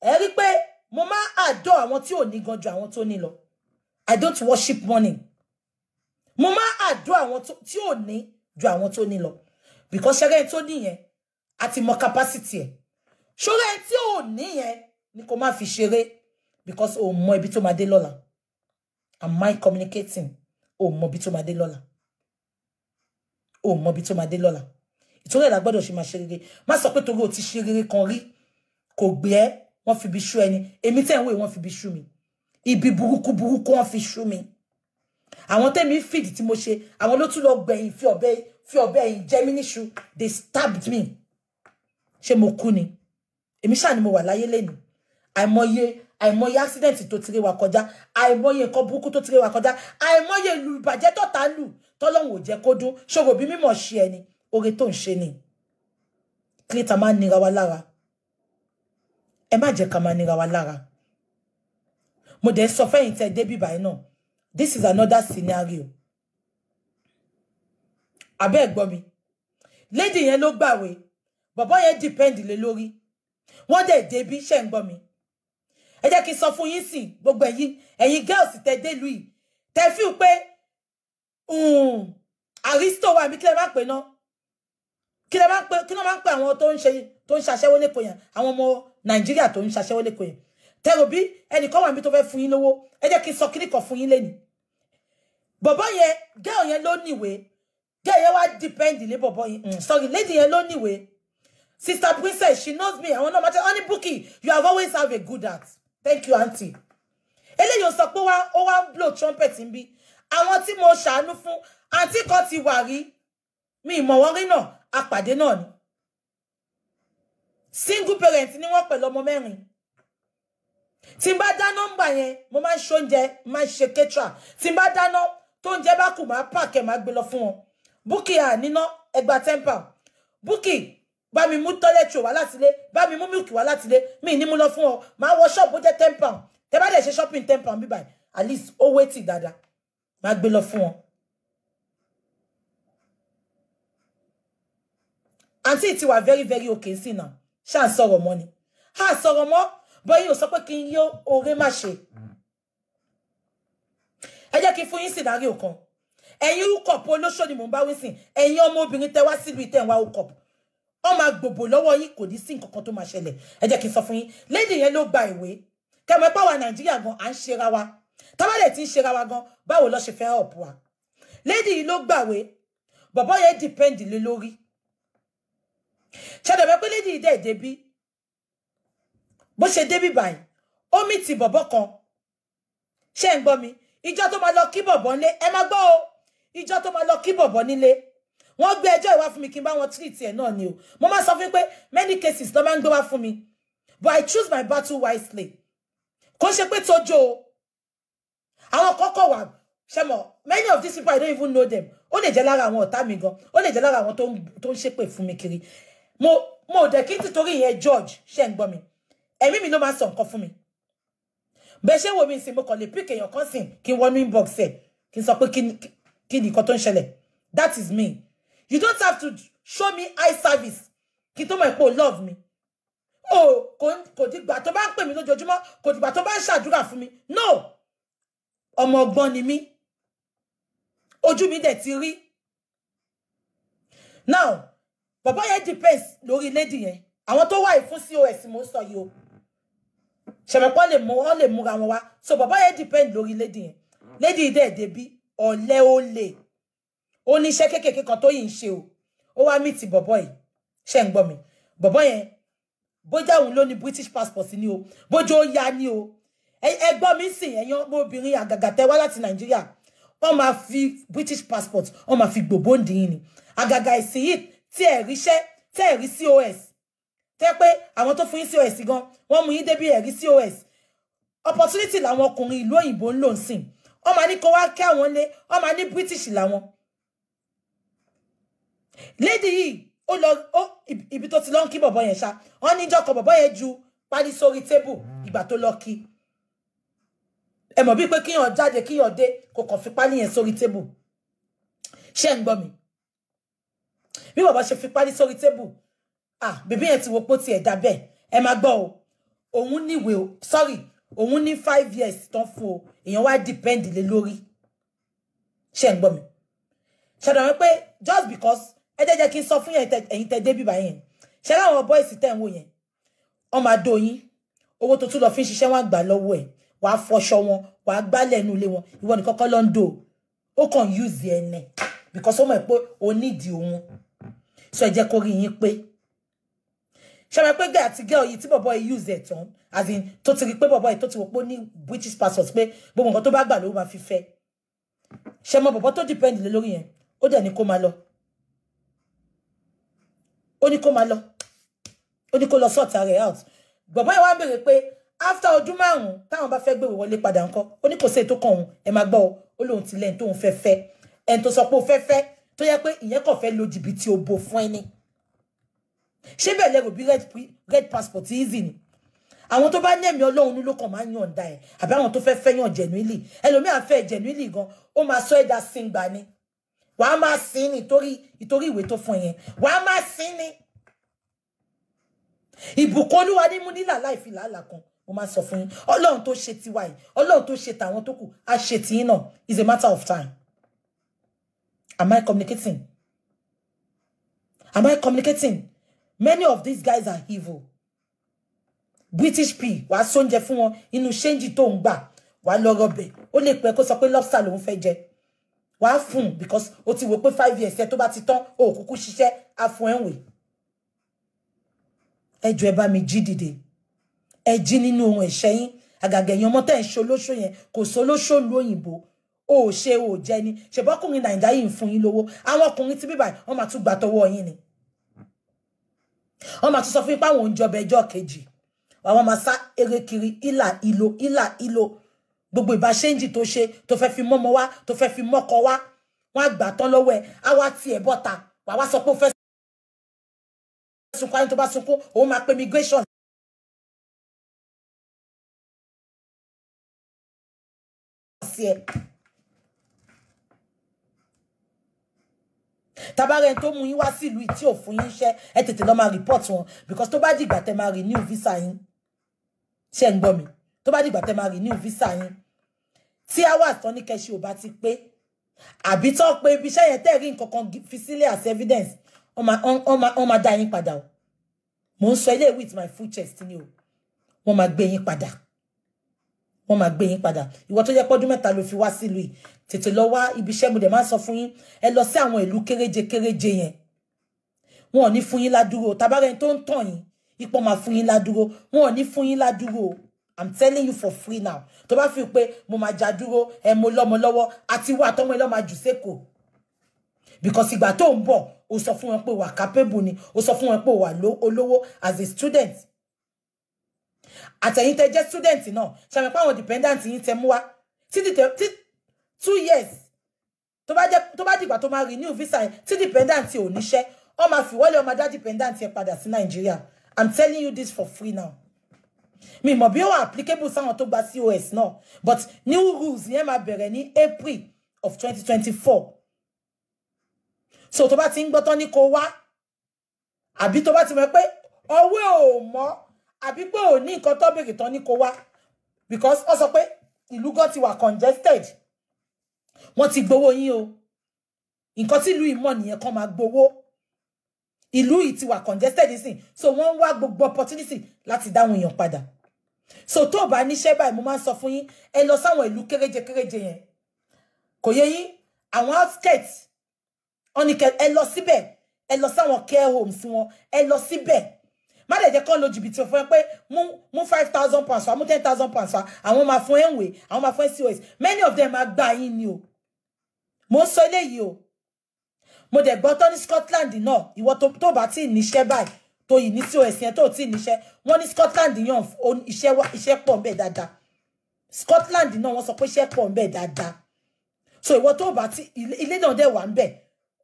[SPEAKER 3] ẹ rí pé mo máa àdọ́ àwọn tí ò ní gan ju àwọn tó i don't worship money mo máa àdọ́ àwọn tí oni ní ju àwọn tó ní lo because ṣẹ́rẹ́ tó ni yẹn Ati mo capacity ẹ̀ ṣọ́ra ẹ tí ò ní yẹn ni kò má fi ṣeré because o mo ibi to máa dé lọ́la am I communicating o mo ibi to máa dé lọ́la o mo ibi to máa dé lọ́la ìtúrẹ́ ìlà gbọ́dọ̀ ṣe máa ṣe rere má sọ pé torí o ti ṣe rere kan rí kò gbé ẹ́ wọ́n fi bí ṣú ẹni èmi tẹ̀ ń fi bí ṣú mi ibi burúkú burúkú wọ́n fi ṣú mi àwọn tẹ́mi fìdí tí mo ṣe àwọn ló tún lọ gbẹ̀yìn fi ọ̀bẹ fi ọ̀bẹ yìí jẹ mí they stabbed me ṣé mo kú ni èmi ṣáà ni mo wà láyé lẹ́nu àìmọye àìmọye accident tó ti wa kọjá àìmọye nǹkan burúkú tó ti wa kọjá àìmọye ìlú ìbàjẹ́ tọ̀tá lù tọ́lọ́hùn ò jẹ́ kó dún ṣòro bí mímọ̀ ṣe ẹni oore tó ń ṣe ni kílítà máa nira wa lára ẹ má jẹ́ ká máa nira wa lára mo dẹ̀ sọ fẹ́yìn tẹ́ débì báyìí náà this is another scenario abẹ́ ẹ̀ gbọ́ mi lady yẹn ló gbàwé bọ̀bọ́ yẹn depend lé lórí wọ́n dẹ̀ débi ṣe ń gbọ́ mi ẹ jẹ́ kí n sọ fún yín sìn girls tẹ délùú yìí tẹ fi pé hmm, aristo wà bí kí lè má pè ná kí lè má pè kí lè má pè àwọn tó ń mo Nigeria ń ṣaṣẹ́wó lẹ́kọ̀ọ́ yẹn àwọn ọmọ nàìjíríà tó ń ṣaṣẹ́wó lẹ́kọ̀ọ́ yẹn tẹ̀rọ bí ẹnìkan wà níbi tó fẹ́ fún yín lówó ẹ jẹ́ kí n sọ kíní kan fún yín lẹ́nu bọ̀bọ́ girl yẹn ló girl yẹn wá depend lé bọ̀bọ́ yẹn hmm, sorry lady yẹn ló níwèé Sister Princess, she knows me. I want no matter honey bookie. You have always have a good heart. Thank you, auntie. Eléyìí ò sọ pé wá ó wá blow trumpet ń bí. Àwọn tí mo ṣàánú fún àǹtí kan ti wari rí. Mi ìmọ̀ wọ́n rí náà, àpàdé náà ni. Single parent ni wọ́n pẹ̀lú ọmọ mẹ́rin. Tí n bá dá nọ́mbà yẹn, mo máa ń ṣe oúnjẹ, máa ń ṣe kẹ́tìrà. Tí n bá dáná tó oúnjẹ bá kù, máa pààkẹ́ máa gbé lọ fún wọn. Búkì à níná bá mi mú toilet wá láti le. bá mi mú milk wá láti le. mi ní mú lọ fún ọ máa wọ ṣọ́ọ̀bù jẹ́ ten pound tẹ bá dẹ̀ ṣe shopping ten pound bíbáyìí at least ó wéètì dáadáa máa gbé lọ fún wọn. àǹtí ti wà very very okay sí náà ṣáà so mọ́ money. Ha so mọ́ mo. Boy sọ so kí n yo. oore má ṣe. ẹ jẹ́ kí n fún yín scenario kan ẹ̀yin ukọ̀pù olóṣò ni mò ń bá wí sìn ẹ̀yin ọmọ obìnrin tẹ wá síbi tẹ̀ ń wọ́n máa gbòbò lọ́wọ́ yín kò ní sí nǹkan tó máa ṣẹlẹ̀ ẹ jẹ́ kí n sọ fún yín lady yẹn ló gba ìwé kẹmọ ẹpá wa nàìjíríà gan à ń ṣera wa tábàlẹ̀ tí ń ṣera wa gan báwo lọ ṣe fẹ́ help wa lady yìí ló gbàwé bọ̀bọ́ yẹn depend lé lórí ṣàdọ̀bẹ́ pé lady yìí dẹ̀ débí bó ṣe débí báyìí ó mì tì bọ̀bọ́ kan ṣé ń gbọ́ mi ìjọ tó máa lọ kí bọ̀bọ́ nílé ẹ má gbọ́ o ìjọ tó máa lọ kí bọ̀bọ́ nílé wọ́n gbé ẹjọ́ ìwá fún mi kí n bá wọn treat ẹ̀ náà ni o mo máa sọ fún pé many cases ló máa ń gbé wá fún mi but I choose my battle wisely kò ṣe pé tójó o àwọn kọ́kọ́ wà ṣẹmọ many of these people I don't even know them ó lè jẹ́ lára àwọn ọ̀tá mi gan ó lè jẹ́ lára àwọn tó ń ṣépè fún mi kiri mo mo dẹ̀ kí n tìtorí ìyẹn George ṣe ń gbọ́ mi ẹ̀mí mi ló máa sọ nǹkan fún mi bẹ́ẹ̀ ṣé wo mi sìn mo kàn lè pick èèyàn kan sìn kí n wọnú inbox ẹ̀ kí n sọ pé kí ni nǹkan tó ń ṣẹlẹ̀ that is me you don't have to show me eye service kí tó mọ̀ pé o love me o kò dìgbà tó bá ń pè mí lójoojúmọ́ kò dìgbà tó bá ń ṣàdúrà fún mi no ọmọ ọgbọ́n ni mí ojú mi dẹ̀ ti rí now bàbá yẹn depends lórí lady yẹn àwọn tó wà yìí cos mo ń sọ yìí o ṣẹ̀mẹ̀pọ̀ lè mú wọn lè múra wọn wá so bàbá yẹn depend lórí lady yẹn lady dẹ̀ débi ọ̀lẹ́ ó lè ó ní iṣẹ́ kéékèèké kan tó yìí ń ṣe o ó wá mìtì bọ̀bọ̀ yìí ṣe ń gbọ́ mi bọ̀bọ̀ yẹn bójá òun ló ní British passport ni o bojo ó ni o ẹ gbọ́ mi sìn ẹ̀yàn ọmọ obìnrin àgàgà tẹ wá láti Nàìjíríà wọ́n máa fi British passport o ma fi gbòbóǹdì yìí ni àgàgà ìsìn yìí tí ẹ̀ ríṣẹ́ tí ẹ̀ rí COS tẹ́ pé àwọn tó fún yín COS gan wọ́n mú yín débi ẹ̀ rí COS opportunity làwọn ọkùnrin ìlú òyìnbó ń lò ń sìn wọ́n máa ní kó wá kẹ́ àwọn lé wọ́n máa British làwọn lady yìí ó lọ ó ibi tó ti lọ ń kí bọ̀bọ̀ yẹn ṣá wọ́n ní ìjọkọ̀ bọ̀bọ̀ yẹn ju parí sórí tébù ìgbà tó lọ kí ẹ mọ̀ bíi pé kíyàn jáde kíyàn dé kò kàn fi parí yẹn sórí tébù ṣé ń gbọ́ mi bí bọ̀bọ̀ ṣe fi parí sórí tébù ah bèbí yẹn ti wo pó tiẹ̀ dá bẹ́ẹ̀ ẹ máa gbọ́ o òun níwèé o sorry òun ní five years tán fún o èèyàn wá depend lé lórí ṣé ń gbọ́ mi ṣàdọ̀ wípé just because ẹ jẹ́ jẹ́ kí n sọ fún ẹ̀yin tẹ́ débi bá yẹn ṣe láwọn bọ́ìsì tẹ́ ń wò yẹn ọmọ àdó yín owó tó tún lọ fi ń ṣiṣẹ́ wọn gbà lọ́wọ́ ẹ̀ wàá fọṣọ wọn wàá gbálẹ̀ inú ilé wọn ìwọ ní kọ́kọ́ ló ń dò ó kàn use ẹ̀ nẹ̀ because ó mọ̀ pé o nídìí òun so ẹ jẹ́ kó rí yín pé ṣọmọ pé gẹ́ àti gẹ́ òyìn tí bọ̀bọ̀ yìí use ẹ̀ tán as in tó ti rí pé bọ̀bọ̀ yìí tó ti wò pé ó ní british passport pé gbogbo nǹkan tó bá gbà ló máa fi fẹ́ ṣe mọ bọ̀bọ̀ tó depend lé lórí yẹn ó dẹ̀ ní kó máa lọ ó ní kó máa lọ sort ara out bọ̀bọ́ yẹn wá béèrè pé after ọdún márùn-ún táwọn bá fẹ́ gbèrò wọlé padà ńkọ́ ó ní kò sí ètò kan òun ẹ máa gbọ́ ó lóun ti lẹ́yìn tóun fe fẹ́ ẹni tó sọ pé ó fẹ́ fẹ́ tó yẹ pé ìyẹn kàn fẹ́ lo jìbìtì òbò fún ẹni ṣé bẹ́ẹ̀ lẹ́rù bi red red passport easy ni àwọn tó bá ní ẹ̀mí ọlọ́run ló kàn máa ń yànda ẹ̀ àbí àwọn tó fẹ́ fẹ́ yàn jẹ̀nuílì ẹlòmíà fẹ́ jẹ̀nuílì gan ó máa sọ ẹ̀dá síngbà ni wà á máa sin ní ìtorí ìwé tó fún yẹn wà á máa sin ní. ìbùkún olúwa ní múnílà láì fi làálà kan mo máa sọ fún yín ọlọ́run tó ṣe tiwa yìí ọlọ́run tó ṣe tàwọn tó kù á ṣe tìyín náà is a matter of time. Am I communicating? Am I communicating? Many of these guys are evil. British P, wàá sóúnjẹ fún wọn inú ṣéǹjì tó ń gbà wàá lọ rọbẹ̀ ó lè pẹ́ kó sọ pé lọ́pṣà lòún fẹ́ jẹ wàá fún un because o ti wò pé five years ẹ tó bá ti tán o ò kúkú ṣiṣẹ́ á fún ẹ̀ ń wè ẹjọ́ ẹ bá mi jí dìde ẹ jí nínú ohun ẹ̀ṣẹ̀ yín àgàgà ẹ̀yin ọmọ tẹ́ ń ṣe olóṣó yẹn kò sí lu òyìnbó o ò ṣe o ò jẹ ni ṣèbọ́kùnrin nàìjíríà yìí ń fún yín lówó àwọn ọkùnrin tí bíbà wọ́n máa tún gbà tọwọ́ yín ni wọ́n máa tún sọ fún yín pé àwọn ò ń jọba ẹjọ́ kejì àwọn máa sá eré kiri ìlà ìlò ìlà ìlò gbogbo ìbá ṣéǹjì tó ṣe tó fẹ́ fi mọ́mọ wá tó fẹ́ fi mọ́kọ wá wọ́n á gbà tán lọ́wọ́ ẹ̀ á wá tiẹ̀ bọ́ta wà wá sọ pé ó fẹ́ sunkún ayé tó bá sunkún òun máa pé migration. tabarẹ tó mú yín wá sílùú tí ò fún yín iṣẹ́ ẹ tètè lọ máa report wọn because tó bá dìgbà tẹ máa renew visa yín ṣe ń gbọ́ mi tó bá dìgbà tẹ máa renew visa yín tí hours tán ní kẹṣí ò bá ti pé àbí tó pé ibi iṣẹ́ yẹn tẹ́ nǹkan fi sílẹ̀ as evidence wọ́n máa dá yín padà o mò ń sọ ilé with my full chest ni o wọ́n máa gbé yín padà wọ́n máa gbé yín padà ìwọ tó yẹ pọ́dún mẹ́ta ló fi wá sílùú yìí tètè lọ wá ibi iṣẹ́ mo dẹ̀ máa sọ fún yín ẹ lọ sí àwọn ìlú kéréje kéréje yẹn wọn ò ní fún yín ládùúgbò tabarẹ́ni tó ń tàn yín ipò máa fún yín ládùúgbò wọn ò ní fún yín ládùúgbò o i'm telling you for free now tó bá fi pé mo máa já dúró ẹ mo lọ́mọ lọ́wọ́ àti wà tọ́mọ ẹ lọ́mọ àjùsẹ́kọ̀ọ́ because ìgbà tó ń bọ̀ o sọ fún wọn pé wà capable ni o sọ fún wọn pé wà olówó as a student àtẹ̀yìn tẹ jẹ́ student náà ṣàmì pé àwọn dependent yín tẹ mú wá títí tẹ two years tó bá jẹ́ tó bá dìgbà tó máa renew visa yẹn tí o ò níṣẹ́ ọ máa fi wọlé ọ máa dá dependent yẹn padà sí Nàìjíríà i'm telling you this for free now mi mọ̀ bí ó applicable sáwọn tó gba cos náà but new rules yẹn máa bẹ̀rẹ̀ ní april of 2024. so tó bá ti ń gbọ́ tán ní kó wá àbí tó bá ti mọ̀ pé ọwọ́ ò mọ́ àbí pé ò ní nǹkan tó béèrè tán ní kó because ó sọ pé ìlú gan congested wọ́n ti wo yín o nǹkan tí ìlú ìmọ̀ nìyẹn kan máa gbowó ìlú yìí ti congested nísìn so wọ́n ń wá gbogbo opportunity láti dáhùn èèyàn padà so tó o bá níṣẹ́ báyìí mo máa ń sọ fún yín ẹ lọ sáwọn ìlú kéréje kéréje yẹn kò yẹ yín àwọn outskirt ọ̀nìkẹ́ ẹ lọ síbẹ̀ ẹ lọ sáwọn care homes wọn ẹ lọ síbẹ̀ má dẹ̀ jẹ́ kọ́ lo jìbìtì fún pé mú five thousand pounds wa mú ten thousand pounds wa àwọn máa fún ẹ ń wè àwọn máa fún ẹ cos many of them máa gbá yín ni o mo ń sọ eléyìí o mo dẹ̀ gbọ́ tó ní Scotland náà ìwọ tó bá tí ì níṣẹ́ báyìí tó yìí ní tí o ẹ̀sìn ẹ̀ tó tí ì níṣẹ́ wọ́n ní Scotland yàn iṣẹ́ pọ̀ ńbẹ̀ dáadáa Scotland náà wọ́n sọ pé iṣẹ́ pọ̀ ńbẹ̀ dáadáa so ìwọ tó bá tí ilé náà dẹ̀ wà ńbẹ̀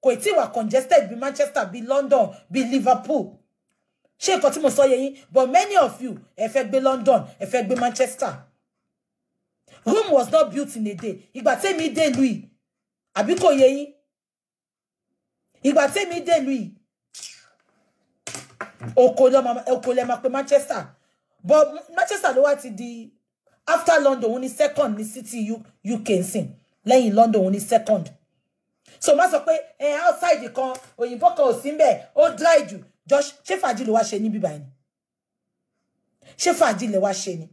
[SPEAKER 3] kò tí wà congested bí Manchester bí London bí Liverpool ṣé nǹkan tí mo sọ yé yín but many of you ẹ fẹ́ gbé London ẹ fẹ́ gbé Manchester Room was not built in a day ìgbà tẹ́mi dé lu yìí àbí kò yé yín ìgbà tèmi dèlú yìí oko lẹ ma pe Manchester but Manchester ló wá ti di after London òun ni second ní city UK nsìn lẹ́yìn London òun ni second so má sọ pé ẹ eh, outside kan òyìnbó kan ò sí mbẹ ó dry jù Josh ṣé fàájì ló wá ṣe ní bíbá yìí ṣé fàájì lè wá ṣe ni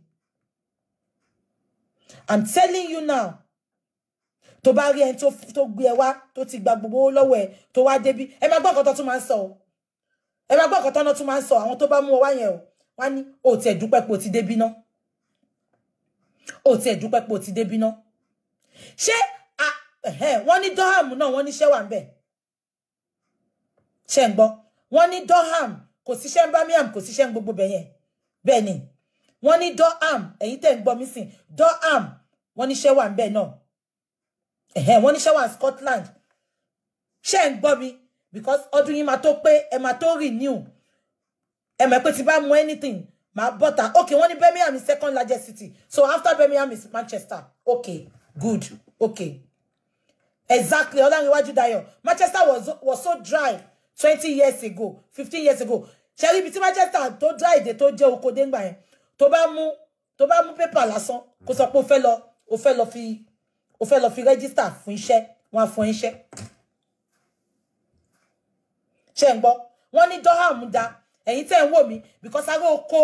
[SPEAKER 3] I'm telling you now tó bá rí ẹni tó gbé ẹ wá tó ti gba gbogbo owó lọ́wọ́ ẹ tó wá débi ẹ máa gbọ́ nǹkan tó tún máa ń sọ ẹ máa gbọ́ nǹkan tó máa ń sọ àwọn tó bá mú ọ wá yẹn o wá ní o tiẹ̀ dúpẹ́ pé o ti débi ná o tiẹ̀ dúpẹ́ pé o ti débi ná ṣé wọ́n ní Durham náà wọ́n níṣẹ́ wà ń bẹ̀ ṣe ń gbọ́ wọ́n ní Durham kò síṣẹ́ ń Birmingham kò síṣẹ́ ń gbogbo bẹ̀yẹn bẹ́ẹ̀ ni wọ́n ní Durham ẹ̀yin tẹ̀ ń gbọ́ mí sìn Durham wọ́n níṣẹ́ wà ń bẹ̀ náà ẹ̀hẹ́ wọ́n ní ṣẹ́wà Scotland ṣé ń gbọ́ mi because ọdún yìí máa tó pé ẹ máa tó renew ẹ mọ̀ pé tí bá mú anything máa bọ́ta ok wọ́n ní Birmingham is second largest city so after Birmingham is Manchester ok good ok exactly ọlọ́runwájú Dayọ̀ Manchester was, was so dry twenty years ago fifteen years ago ṣẹ́rí ibi tí Manchester tó dry èdè tó jẹ́ oko déngbà yẹn tó bá mú tó bá mú pépà lásán kó sọ pé ó fẹ́ lọ ó fẹ́ lọ fi o fẹ́ lọ fi rẹ́gísítà fún iṣẹ́ wọn á fún iṣẹ́ ṣe ń gbọ́ wọ́n ní Durham da ẹ̀yin tẹ́ ń wò mí because ará oko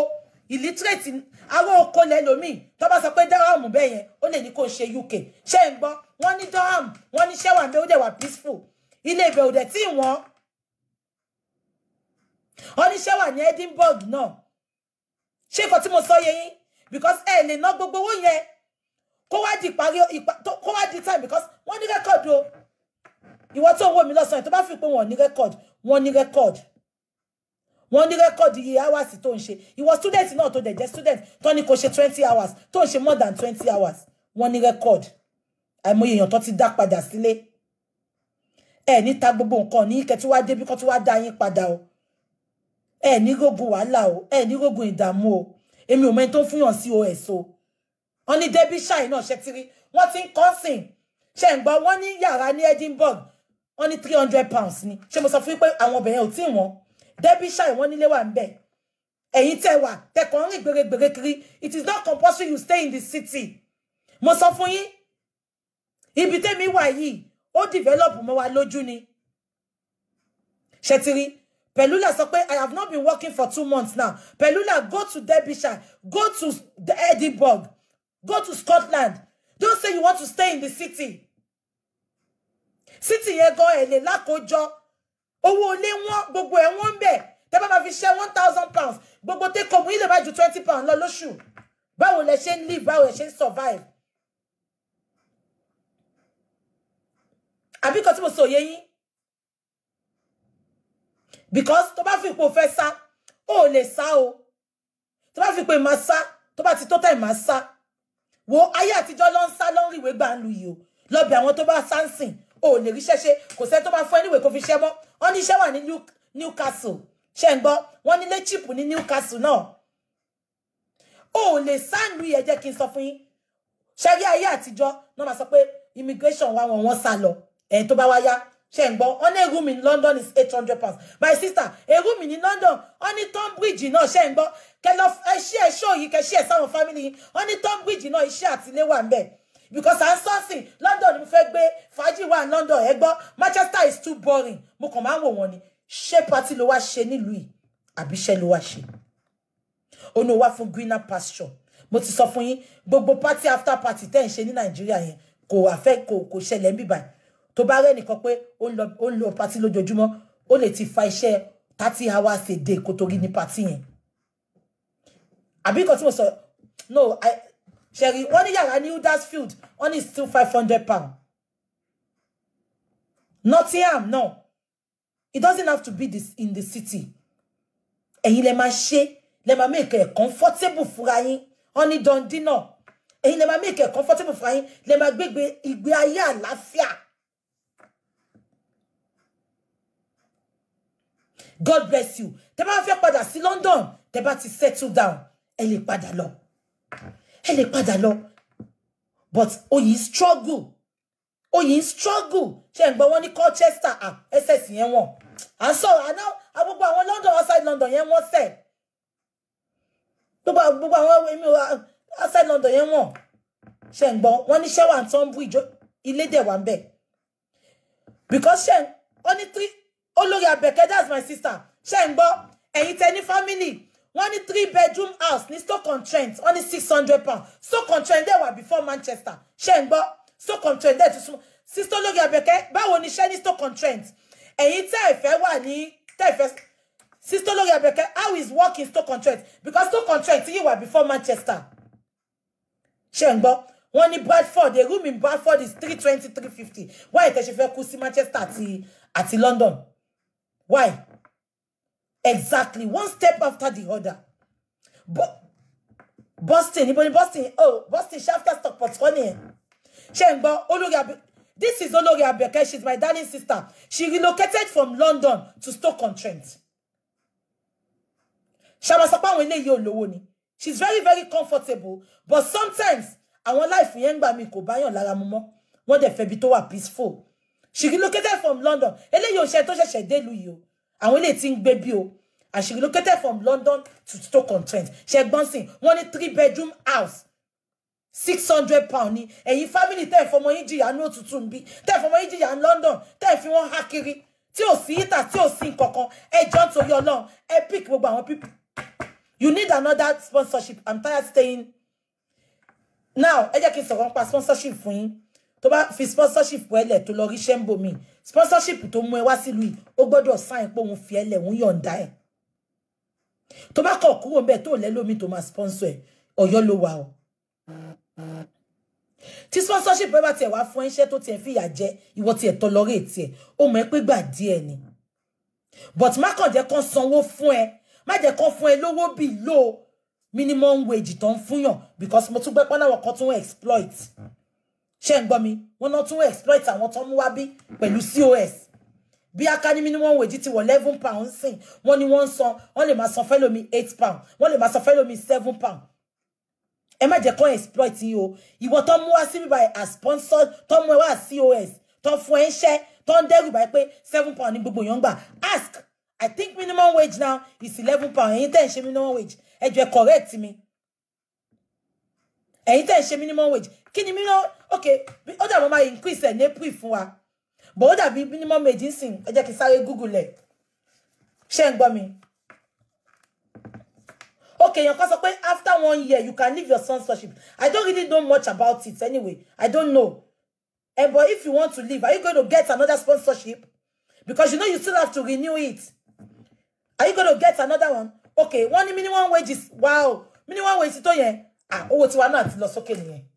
[SPEAKER 3] illiterate ará oko lẹ́lòmíì tó bá sọ pé Durham bẹ́ẹ̀ yẹn ó lè ní kó ṣe UK ṣe ń gbọ́ wọ́n ní Durham wọ́n ní ṣẹ́wà ń ó dẹ̀ wà peaceful ilé ibẹ̀ ò dẹ̀ tí wọ́n oníṣẹ́ wà ní Edinburgh náà ṣé nǹkan tí mo sọ yẹ yín because ẹ lè ná gbogbo owó yẹn kó wá di ìparí kó wá di time because wọ́n ní rẹ́kọ̀dì o ìwọ tó wò mí lọ́sàn-án tó bá fi pé wọ́n ní rẹ́kọ̀dì wọ́n ní rẹ́kọ̀dì wọ́n ní rẹ́kọ̀dì iye hours tó ń ṣe ìwọ student náà tó dẹ̀ jẹ́ student tó ní kó ṣe twenty hours tó ń ṣe more than twenty hours wọ́n ní rẹ́kọ̀dì àìmọye èèyàn tó ti dá padà sílé ẹ níta gbogbo nǹkan ní kẹtí wá débi kọ́ tí wá dá yín padà o ẹ ní rogun wàhálà o ẹ ní rogun ìdààmú o èmi ò mẹ́ni tó ń fúnyàn sí os o. So wọ́n ní Derbyshire náà ṣe tiri. rí wọ́n ti ń kọ́sìn ṣe ń gbọ́ wọ́n ní yàrá ní Edinburgh wọ́n ní three hundred pounds ni ṣé mo sọ fún yín pé àwọn obìnrin ò tí wọ́n Derbyshire wọ́n nílé wà ń bẹ̀ ẹ̀yin tẹ̀ wà tẹ̀kọ̀ ń rìn gbèrègbèrè kiri it is not compulsory you stay in the city mo sọ fún yín ibi tẹ́mi wà yìí ó develop mọ́ wa lójú ni tiri. Pelula sọ pé I have not been working for two months now Pelula go to Derbyshire go to Edinburgh Go to Scotland. Don't say you want to stay in the city. City here go ẹ lè lákòójọ. Owó ilé wọn gbogbo ẹ̀ wọ́n ń bẹ̀. Tẹ́ bá máa fi ṣe one thousand pounds. Gbogbo take home yìí lè má ju twenty pounds lọ lóṣù. Báwo lẹ ṣe ń live? Báwo lẹ ṣe ń survive? Abi kan tí mo sọ yé yín. Because to bá fi professor. fẹ́ sá, ó lè sá o. Tó bá fi ipò ìmọ̀ sá, tó bá ti tó tẹ̀ ìmọ̀ wo ayé àtijọ́ ló ń sá ló ń ríwèé gbà ń lu yìí o lọ bí àwọn tó bá sáǹsìn o ò lè rí ṣẹ́ṣe kò sẹ́ tó máa fún ẹníwèé kó fi ṣẹ́ mọ́ wọ́n ní iṣẹ́ wà ní Newcastle ṣe ń gbọ́ wọ́n nílé chip ní Newcastle náà o ò lè sáǹlù yẹn jẹ́ kí n sọ fún yín ṣẹ́rí ayé àtijọ́ náà máa sọ pé immigration wa wọ́n wọ́n sá lọ ẹ̀ tó bá wá ṣe ń gbọ́ ọ́n ní ewu mi London is eight hundred pounds my sister a mi in London ọ́n ní Tonbridge náà ṣe ń gbọ́ kẹlọ ẹ ṣí ẹ ṣó yìí kẹ ṣí ẹ sáwọn family yìí ọ́n ní Tonbridge náà iṣẹ́ àtìlé wà ń because i'm sourcing London mo fẹ́ gbé fàájì wà London ẹ gbọ́ Manchester is too boring mo kàn máa ń wò wọ́n ni ṣé party ló wá ṣe nílùú yìí àbí iṣẹ́ ló wá ṣe ònà wá fún greener pasture mo ti sọ fún yín gbogbo party after party tẹ́ ń ṣe ní Nàìjíríà yẹn kò àfẹ́ kò kò ṣẹlẹ̀ ń bíbáyìí tó bá rẹ́ nìkan pé ó ń lo pati lójoojúmọ́ ó lè ti fa iṣẹ́ thirty hours a day kó torí ní pati yẹn àbí nǹkan tí mo sọ no ṣẹ̀rí wọ́n ní yàrá ní Huddersfield wọ́n ní still five hundred pound Nottingham no it doesn't have to be this in the city ẹ̀yin lè máa ṣe lè máa make ẹ̀ comfortable fúnra yín wọ́n ní Dundee náà ẹ̀yin lè máa make ẹ̀ comfortable fúnra yín lè máa gbégbé ìgbé ayé àlàáfíà. God bless you tẹ́ bá fẹ́ padà sí London tẹ́ bá ti settle down ẹ lè padà lọ ẹ lè padà lọ but oyin struggle oyin struggle ṣe ń gbọ́ wọn ní Colchester ah ss yẹn and à ń sọ̀rọ̀ àná gbogbo àwọn London outside London yẹn wọ́n sẹ̀ gbogbo gbogbo àwọn èmi ah, outside London yẹn wọ̀n ṣe ń gbọ́ wọn ní ṣẹ́wà tó ń bú ìjọ ilé dẹ̀ wà because she only three olórí abẹ́kẹ́ that's my sister ṣe ń gbọ́ ẹ̀yin tẹ family wọ́n ní three bedroom house ní Stoke-on-Trent wọ́n ní six hundred pounds Stoke-on-Trent dẹ̀ wà before Manchester ṣe ń gbọ́ Stoke-on-Trent dẹ̀ tuntun sister olórí abẹ́kẹ́ báwo ni ṣe ní Stoke-on-Trent ẹ̀yin tẹ́ ẹ̀fẹ́ wà ní tẹ́ ẹ̀fẹ́ sister olórí abẹ́kẹ́ how is work in stoke trent because Stoke-on-Trent yìí wà before Manchester ṣe ń gbọ́ wọ́n ní Bradford a room in Bradford is three twenty three fifty Why ètò ṣe fẹ́ kú sí Manchester àti àti London. Why? Exactly. One step after the other. But Boston, anybody Boston? Oh, Boston Shafter Stockport funny. Shengba, Olori This is Olori Abeke. She's my darling sister. She relocated from London to Stoke-on-Trent. Shabasapan wele yo lowo ni. She's very, very comfortable. But sometimes, àwọn life yẹn gbà mí kò báyàn lára mu mọ́. Wọ́n dẹ̀ fẹ́ peaceful she relocated from London eléyìí ò ṣe tó ṣẹ̀ṣẹ̀ dé ìlú yìí o àwọn eléyìí tí ń gbé bí o and she relocated from London to Stoke-on-Trent ṣẹgbọ́nsìn wọ́n ní three bedroom house six hundred pound ni ẹ̀yin family tẹ́ ẹ̀ fọmọ yín jìyà ní òtútù ń bí tẹ́ ẹ̀ fọmọ yín jìyà ní London tẹ́ ẹ̀ fi wọ́n há kiri tí ò sí ìta tí ò sí nkankan ẹ jọ́ nítorí ọlọ́run ẹ pick gbogbo àwọn people you need another sponsorship i'm tired staying now ẹ jẹ́ kí n sọ̀rọ̀ nípa sponsorship fún yín To bá fi sponsorship ẹlẹ̀ tó lọ ríṣẹ́ ń mi sponsorship to mú ẹ wá sílùú yìí ó gbọ́dọ̀ sáìn pé òun fi ẹlẹ̀ òun yọ̀ǹda ẹ̀ tó bá kọ̀ kúrò ń to tó lẹ́ to tó sponsor ẹ̀ ọ̀yọ́ ló wà o tí sponsorship bá tiẹ̀ to fún iṣẹ́ tó tiẹ̀ fìyà jẹ ìwọ tiẹ̀ tolerate tiẹ̀ ó mọ̀ ẹ́ pé gbà díẹ̀ ni but má kàn jẹ́ kán sanwó fún ẹ má jẹ́ kán fún ẹ lówó bì ló minimum wage tó ń fúnyàn because mo tún gbẹ́ pọ́n láwọn kan tún exploit. Mm -hmm ṣé ń gbọ́ mi wọ́n náà tún exploit àwọn tó mú wá bí pẹ̀lú cos bí akáni minimum wage ti wọ̀ eleven pound sìn wọ́n ní wọ́n ń san wọ́n lè máa san fẹ́lòmí eight pound wọ́n lè máa san fẹ́lòmí seven pound ẹ má jẹ́ kó exploit yín o ìwọ tó mú wá síbí báyìí as sponsor tó mú ẹ wá cos tó fún ẹ ń ṣẹ́ tó ń dẹ́rù báyìí pé seven pound ní gbogbo èèyàn gbà ask i think minimum wage now is eleven pound ẹ̀yin tẹ́ ń ṣe minimum wage ẹ jọ̀ọ́ correct mi ẹ̀yin tẹ́ ń ṣe minimum wage kí ni Okay, ok ó dàbọ̀ máa increase ẹ̀ ní april wa but ó dàbí minimum wage ń sìn ẹ jẹ́ google ẹ̀ ṣé ń mi ok èèyàn kan sọ pé after one year you can leave your sponsorship i don't really know much about it anyway i don't know eh, but if you want to leave are you going to get another sponsorship because you know you still have to renew it are you going to get another one ok wọ́n minimum wage wow minimum wage tó yẹn ah owó tiwa náà ti lọ sókè nìyẹn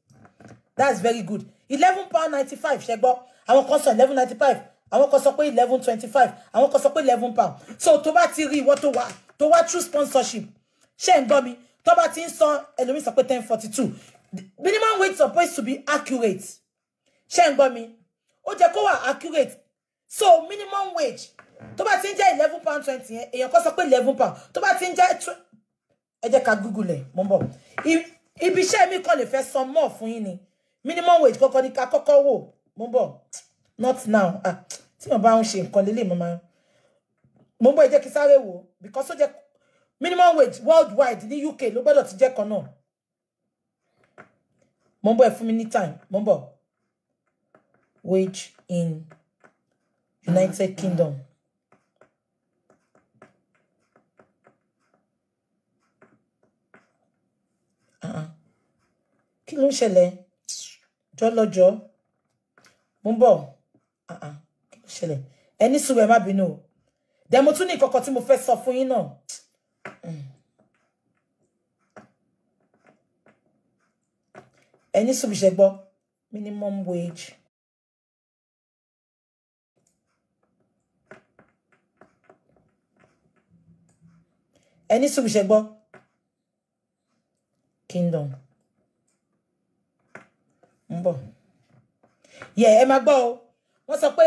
[SPEAKER 3] that's very good eleven pound ninety five ṣẹgbọ́ àwọn kan sọ eleven ninety five àwọn kan sọ pé eleven twenty five àwọn kan sọ pé eleven pound so tó bá ti rí ìwọ tó wà tó through sponsorship ṣé ń gbọ́ mi tó bá ti ń san ẹlòmíì sọ pé ten forty two minimum wage supposed to be accurate ṣé ń gbọ́ mi ó jẹ́ accurate so minimum wage tó bá ti ń eleven pound twenty yẹn èèyàn cost sọ pé eleven pound tó bá ti ń jẹ́ ẹ jẹ́ ká google ẹ̀ mọ́ bọ̀ ibi iṣẹ́ mi kàn lè fẹ́ san mọ́ fún yín ni minimum wage kọ́kọ́ ni ká kọ́kọ́ wò mo bọ̀ not now ah tí mo bá ń ṣe nǹkan lélẹ̀ mo máa mo bọ̀ ẹ kí sáré wò because ó jẹ́ minimum wage worldwide ní UK ló gbọ́dọ̀ ti jẹ́ kan náà mo bọ̀ ẹ fún mi ní time mo bọ̀ wage in United Kingdom. Ah, ah. kí ló ń ṣẹlẹ̀ jọlọjọ mo ń bọ̀ ah, ah. kí ló ṣẹlẹ̀ ẹni sùn ẹ má bínú o dẹ mo tún ní ìkọ̀kọ̀ tí mo fẹ́ sọ fún yín náà. ẹni sùn bí ṣe gbọ́ minimum wage. ẹni sùn bí ṣe gbọ́ kingdom ń bọ̀ yẹ ẹ máa gbọ́ o wọ́n sọ pé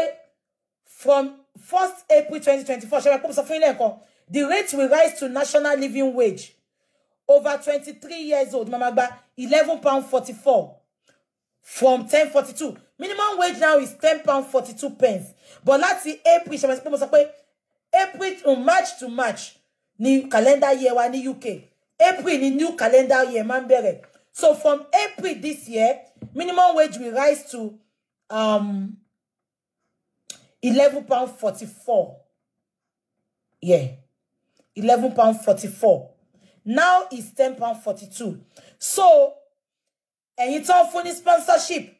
[SPEAKER 3] from first April twenty twenty four ṣẹ́wọ́n pé mo sọ fún ilé ẹ̀kọ́ the rate will rise to national living wage over twenty three years old Mama gba eleven pound forty four from ten forty two minimum wage now is ten pound forty two pence but láti April ṣẹ́wọ́n pé mo sọ pé April to March to March ni calendar year wa ní UK April ni new calendar year máa ń bẹ̀rẹ̀ So from April this year, minimum wage will rise to um eleven pound forty four. Yeah, eleven pound forty four. Now it's ten pound forty two. So and it's ń fún sponsorship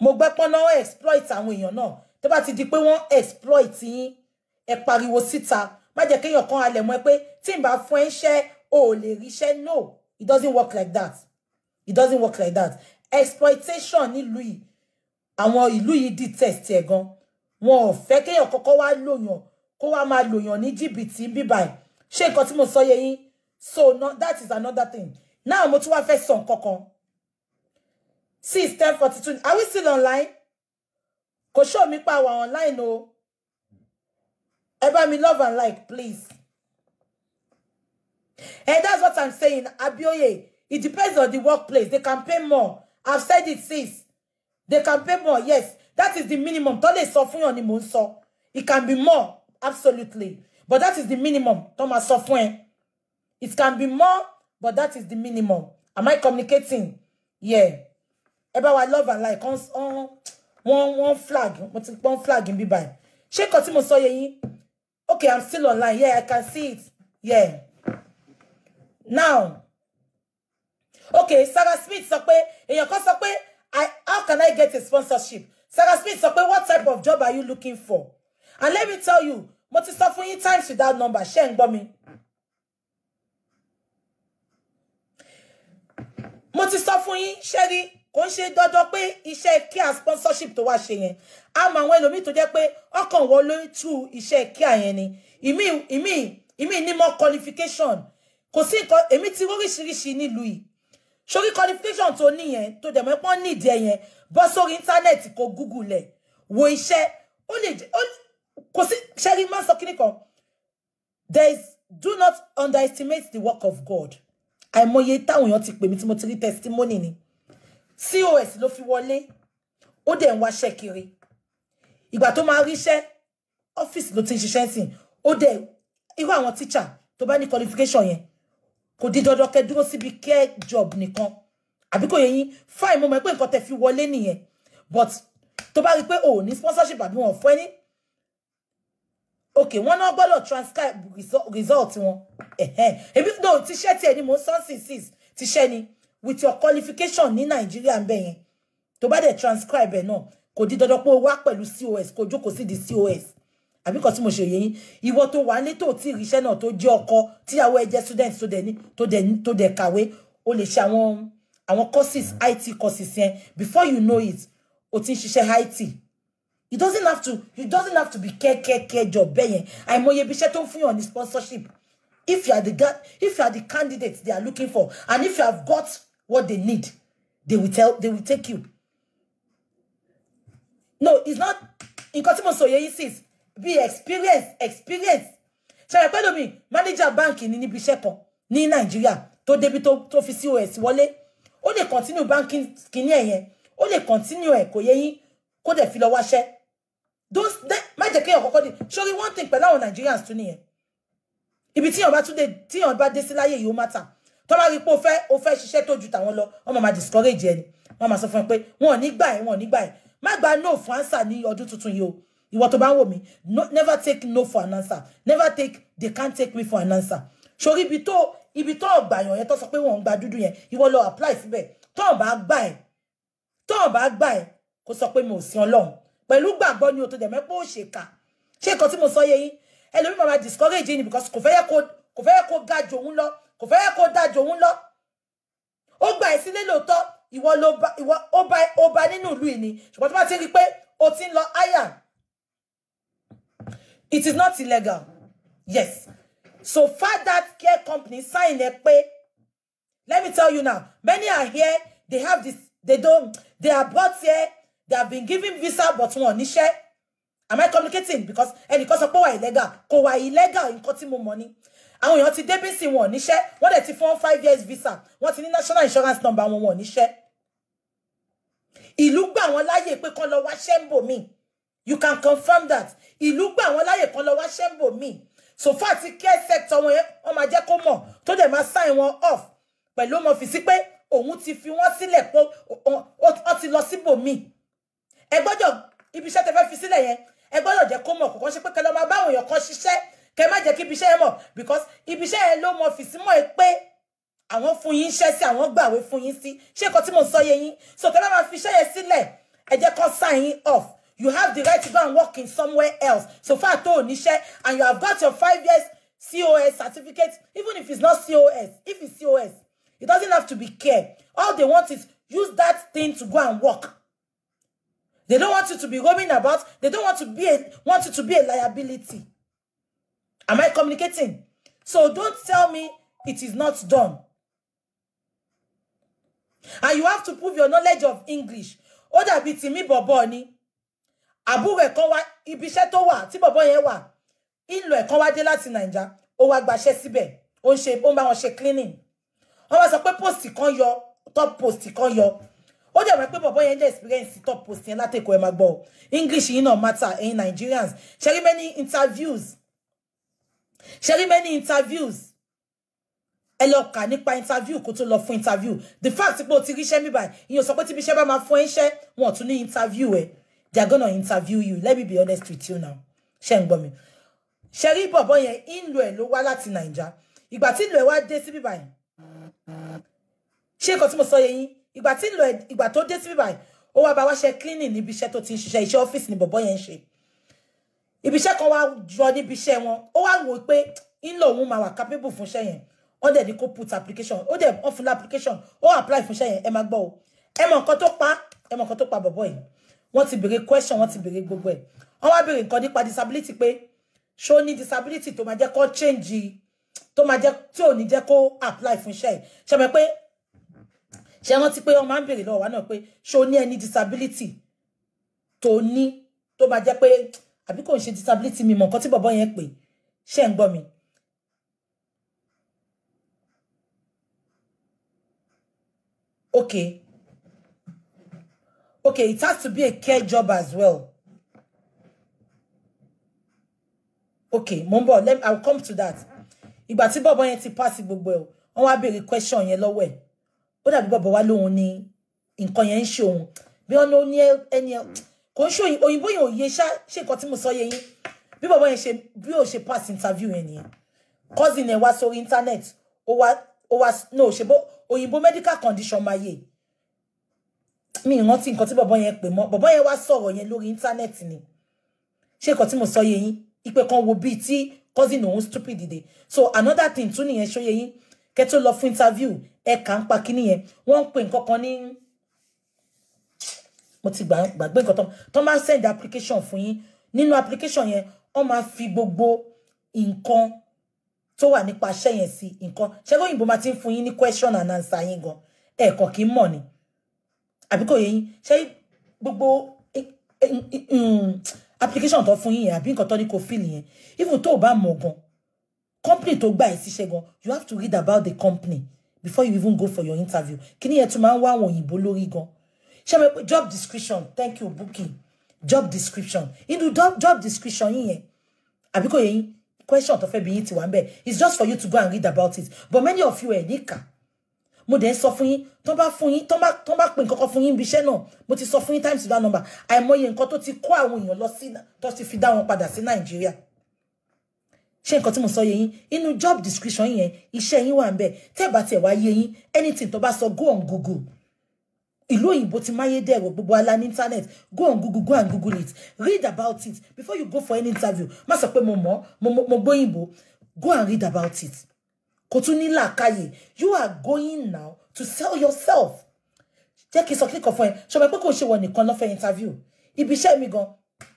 [SPEAKER 3] mo gbẹ́ pọ́nà exploit àwọn èèyàn know, the party ti di want wọ́n exploit yín ẹ pariwo síta má jẹ́ kon kan alẹ̀ mọ́ ẹ pé o le lè no. It doesn't work like that. It doesn't work like that. Exploitation nílùú yìí. Àwọn ìlú yìí test, ẹ̀ gan. Wọn ò fẹ́ kéèyàn kọ́kọ́ wá lòyàn kó wá máa lòyàn ní jìbìtì ń bíbà ẹ̀. Ṣé nǹkan tí mo sọ yé yín? So no, that is another thing. Now mo tún wá fẹ́ sọ nǹkan kan. Six ten forty two. Are we still online? Kò show mi pa wà online o. No. Ẹ mi love and like please. And that's what I'm saying, Abioye. It depends on the workplace. They can pay more. I've said it since. They can pay more, yes. That is the minimum. Tó lè sọ fún yín It can be more, absolutely. But that is the minimum. Tó máa It can be more, but that is the minimum. Am I communicating? Yeah. Ẹ bá wa love and like on one one flag, one flag in bí báyìí. Ṣé kò tí Okay, I'm still online. Yeah, I can see it. Yeah now okay Sarah Smith sọ pé èèyàn kan sọ pé how can I get a sponsorship Sarah Smith sọ pé what type of job are you looking for and let me tell you mo ti sọ fún yín times without number ṣé ń gbọ́ mi mo ti sọ fún yín ṣé rí kò ń ṣe dandan pé iṣẹ́ kíá sponsorship tó wá ṣe yẹn a mọ àwọn ẹlòmíì tó jẹ́ pé ọkàn wọn ló tú iṣẹ́ kíá yẹn ni ìmíì ìmíì ìmíì ní more qualification kò sí nǹkan èmi ti oríṣiríṣi nílùú yìí sórí qualification tó níyẹn tó dẹ̀ mẹ́pọ́n nídìí ẹ̀yẹn bọ́ sórí íńtánẹ́ẹ̀tì kò google ẹ̀ wo iṣẹ́ ó lè jẹ́ kò sí ṣẹ́rí má sọ kíní kan there is do not underestimate the work of God àìmọye táwọn èèyàn ti pè mí tí mo ti rí testimony ni cos ló fi wọlé ó dẹ̀ ń wáṣẹ́ kiri ìgbà tó máa ríṣẹ́ ọ́fíìsì ló ti ń ṣiṣẹ́ sìn ó dẹ̀ irú àwọn tíṣà tó bá ní qualification yẹn kò di dandan kẹ́ dúró síbi care job nìkan àbí kò yẹ yín fine mo mọ̀ pé nǹkan tẹ́ fi wọlé nìyẹn but tó bá rí pé o ní sponsorship àbí wọn fún ẹ ní okay wọn náà gbọ́dọ̀ transcribe result wọn ebi no tíṣẹ́ tiẹ̀ ni mo ń san six six tíṣẹ́ ni with your qualification ní nàìjíríà ń bẹ̀ yẹn tó bá dẹ̀ transcribe ẹ̀ náà kò di dandan pé o wá pẹ̀lú cos kò jókòó sí di cos àbí kan tí mo ṣe yé ìwọ tó wà ní tí ìríṣẹ́ náà tó jẹ́ ọkọ tíyàwó ẹ student tó dẹ̀ ní tó dẹ̀ kàwé o lè ṣe àwọn àwọn courses IT courses yẹn before you know it o ti ń ṣiṣẹ́ IT it doesn't have to You doesn't have to be kẹ́kẹ́kẹ́ jọ bẹ́ẹ̀ yẹn àìmọye ibi iṣẹ́ tó ń fún yàn ní sponsorship if you are the if you are the candidate they are looking for and if you have got what they need they will tell they will take you no it's not nǹkan tí mo sọ yẹ yìí bí experience experience ṣàlàyé pẹ́ lómi manager báǹkì ní níbi iṣẹ́ kan ní nàìjíríà tó débi tó fi cos wọlé ó lè continue banking kìíní ẹ̀ yẹn ó lè continue ẹ̀ kò yẹ yín kó dẹ̀ fi lọ wáṣẹ́ má jẹ́ kéèyàn kọ́kọ́ di sórí one thing pẹ̀lú àwọn Nigerians tún nìyẹn ibi tíyàn bá tún dé tíyàn bá dé sí láyé yìí ó má tà tó bá rí pé o fẹ́ o fẹ́ ṣiṣẹ́ tó ju tàwọn lọ wọ́n máa ma discourage ẹni wọ́n máa sọ fún ẹ pé wọn ò ní gbà ẹ̀ wọn ò ní gbà ẹ̀ má gba no fún answer ní ọdún tuntun yìí o ìwọ tó bá ń me? No, never take no for an answer never take they can't take me for an answer sori ibi tó ibi tó ọgbà yàn yẹn tó sọ pé wọn ń gba dúdú yẹn ìwọ lọ apply síbẹ̀ tó ò bá gbà ẹ tó ò bá gbà ẹ kó sọ pé mi ò sin Ọlọ́run pẹ̀lú gbàgbọ́ ni o tó dẹmẹ pé ó ṣe kà ṣé nǹkan tí mo sọ yẹ yín ẹlòmíì máa discourage yín because kò fẹ́ yẹ kó kò fẹ́ yẹ kó ga jò ń lọ kò fẹ́ yẹ kó da jò ń lọ ó gbà ẹ sílé lóòótọ́ ìwọ ló ba ìwọ ó ba nínú ìlú yìí ni ṣùgbọ́n tó ti rí i pé o ti ń lọ it is not illegal yes so far that care company sign a pay let me tell you now many are here they have this they don't they are brought here they have been given visa but wọn níṣẹ́ am i communicating because and because of wà illegal kò wà illegal in cutting more money. ni àwọn èèyàn ti débí sí wọn níṣẹ́ wọ́n dẹ̀ ti five years visa What ti the national insurance number wọn wọn níṣẹ́ ìlú gbà wọ́n láyè pé kán lọ wáṣẹ́ ń bò you can confirm that ìlú gbà wọn láyè kan lọ wá ṣẹ́ńbò míì so far ti care sector wọn yẹn wọn máa jẹ́ kó mọ̀ tó dẹ̀ máa sign wọn off pẹ̀lú ọmọ fi sí pé òun ti fi wọ́n sílẹ̀ pé ó ti lọ síbò míì ẹ gbọ́dọ̀ ibi iṣẹ́ tẹ fẹ́ fi sílẹ̀ yẹn ẹ gbọ́dọ̀ jẹ́ kó mọ̀ kọ̀ọ̀kan ṣe pé kẹlẹ́ ọmọ abáwọn èèyàn kan ṣiṣẹ́ kẹ má jẹ́ kí ibi iṣẹ́ yẹn mọ̀ because ibi iṣẹ́ yẹn ló mọ fìsí mọ́ ẹ pé àwọn fún yín iṣẹ́ sí àwọn gbàwé fún yín sí ṣé nǹkan tí mo sọ yẹ yín so tẹ́lẹ̀ máa fi iṣẹ́ yẹn sílẹ̀ ẹ jẹ́ kó sign off you have the right to go and work in somewhere else so far tó Nisha, and you have got your five years COS certificate even if it's not COS if it's COS it doesn't have to be care all they want is use that thing to go and work they don't want you to be roaming about they don't want to be a want you to be a liability am I communicating so don't tell me it is not done and you have to prove your knowledge of English ó dàbí tìmí bọ̀bọ̀ ni àbúrò ẹ̀ kan wá ibi iṣẹ́ tó wà tí bọ̀bọ̀ yẹn wà ìlò ẹ̀ kan wá dé láti nàìjà ó wá gbaṣẹ́ síbẹ̀ ó ń ṣe ó ń bá wọn ṣe cleaning wọ́n wá sọ pé post kan yọ top post kan yọ ó dẹ̀ wọ́n pé bọ̀bọ̀ yẹn jẹ́ experience top post yẹn látẹ̀kọ́ ẹ̀ máa gbọ́ english yìí náà matter ẹ̀yin nigerians ṣẹ́rí many interviews ṣẹ́rí many interviews ẹ lọ kà nípa interview kó tó lọ fún interview the fact pé o ti ríṣẹ́ mi báyìí ìyẹn sọ pé tíbi iṣẹ́ bá máa fún ẹ iṣẹ́ wọn ò tún ní interview ẹ they are gonna interview you let me be honest with you now ṣe ń gbọ́ mi ṣe rí bọ̀bọ̀ yẹn ìlú ẹ̀ ló wá láti nàìjà ìgbà tí ìlú ẹ̀ wá dé síbí báyìí ṣé nǹkan tí mo sọ yẹ yín ìgbà tí ìlú ẹ̀ ìgbà tó dé cleaning níbi iṣẹ́ tó ti ń ṣiṣẹ́ iṣẹ́ ni bọ̀bọ̀ yẹn ń ṣe ibi iṣẹ́ kan wá jọ níbi iṣẹ́ wọn ó wá inlo pé ìlú òun máa wà capable fún iṣẹ́ yẹn ó dẹ̀ ní kó put application ó dẹ̀ ó fún application O apply fún iṣẹ́ yẹn ẹ máa gbọ́ o ẹ mọ̀ pa ẹ mọ̀ nǹkan pa bọ̀bọ̀ yìí wọ́n ti béèrè question wọ́n ti béèrè gbogbo ẹ̀ wọ́n wá béèrè nǹkan nípa disability pé ṣó ní disability To máa jẹ́ kó change To máa jẹ́ tí ò ní jẹ́ kó apply fún iṣẹ́ ẹ̀ ṣe mọ̀ pé ṣe rántí pé wọ́n máa ń béèrè lọ́wọ́ wa náà pé ṣó ní ẹni disability tó ní tó máa jẹ́ pé àbí kò ń ṣe disability mi mọ̀ nǹkan tí bọ̀bọ̀ yẹn pè ṣe ń gbọ́ mi. okay Okay, it has to be a care job as well. Okay, mumbo. let me, I'll come to that. Ìgbà tí bọ̀bọ̀ yẹn ti pass gbogbo ẹ̀, wọ́n wá béèrè question yẹn lọ́wọ́ ẹ̀. Ó dàbí bọ̀bọ̀ wá lóhun ni nǹkan yẹn ń ṣe òun. Bí wọ́n ló ní ẹni ẹ̀ kò ń ṣe òyìnbó yẹn ò yé ṣá ṣe nǹkan tí pass interview yẹn nìyẹn. Cousin yẹn wá sórí internet, ó wá ó wá no ṣe bó òyìnbó medical condition máa yé mi ìrántí nǹkan tí bọ̀bọ̀ yẹn pè mọ́ bọ̀bọ̀ yẹn wá sọ̀rọ̀ yẹn lórí íńtánẹ́ẹ̀tì ni ṣé nǹkan tí mo sọ yẹ yín ìpè kan wo bíi tí cousin òun stupid dìde so another thing tún nìyẹn ṣó yẹ yín kẹ tó lọ interview ẹ kà ń pa kíní yẹn wọ́n ń pè nǹkan kan ní mo ti gbàgbé nǹkan tán tán máa send application fún yín nínú application yẹn wọ́n máa fi gbogbo nǹkan tó wà nípa aṣẹ́ yẹn sí nǹkan ṣẹ́gbọ́n òyìnbó máa ti ń fún yín ní question and answer yín gan ẹ̀ẹ̀kan kì í mọ̀ ni àbí kò yẹ yín ṣé gbogbo um, application tó fún yín yẹn àbí nǹkan tó ní kò fill yẹn even tó o bá mọ̀ gan company tó gbà ẹ́ síṣẹ́ gan you have to read about the company before you even go for your interview kí ni ẹ̀ tún máa ń wá àwọn òyìnbó lórí gan ṣé mo job description thank you booking job description inú job description yín yẹn àbí kò question tó fẹ́ bí yín ti wà ń bẹ̀ it's just for you to go and read about it but many of you ẹ̀ níkà mo dẹ̀ sọ fún yín tó bá fún yín tó bá tó bá pè nǹkan kan fún yín bí iṣẹ́ náà mo ti sọ fún yín times that number àìmọye nǹkan tó ti kó àwọn èèyàn lọ sí tó ti fi dá wọn padà sí Nigeria, ṣé nǹkan tí mo sọ yé yín inú job description yẹn iṣẹ́ yín wà ń bẹ̀ tẹ́ bá tiẹ̀ wá yé yín anything tó bá sọ go on google ìlú òyìnbó ti máyé dẹ̀rọ̀ gbogbo ala ní internet go on google go and google it read about it before you go for any interview má sọ pé mo mọ̀ mo gbóyìnbó go and read about it. Kotuni tún ní you are going now to sell yourself jẹ́ kí n sọ kíkọ̀ fún ẹ ṣọba pé kò ṣe wọ nìkan lọ́fẹ̀ẹ́ interview ibi iṣẹ́ mi gan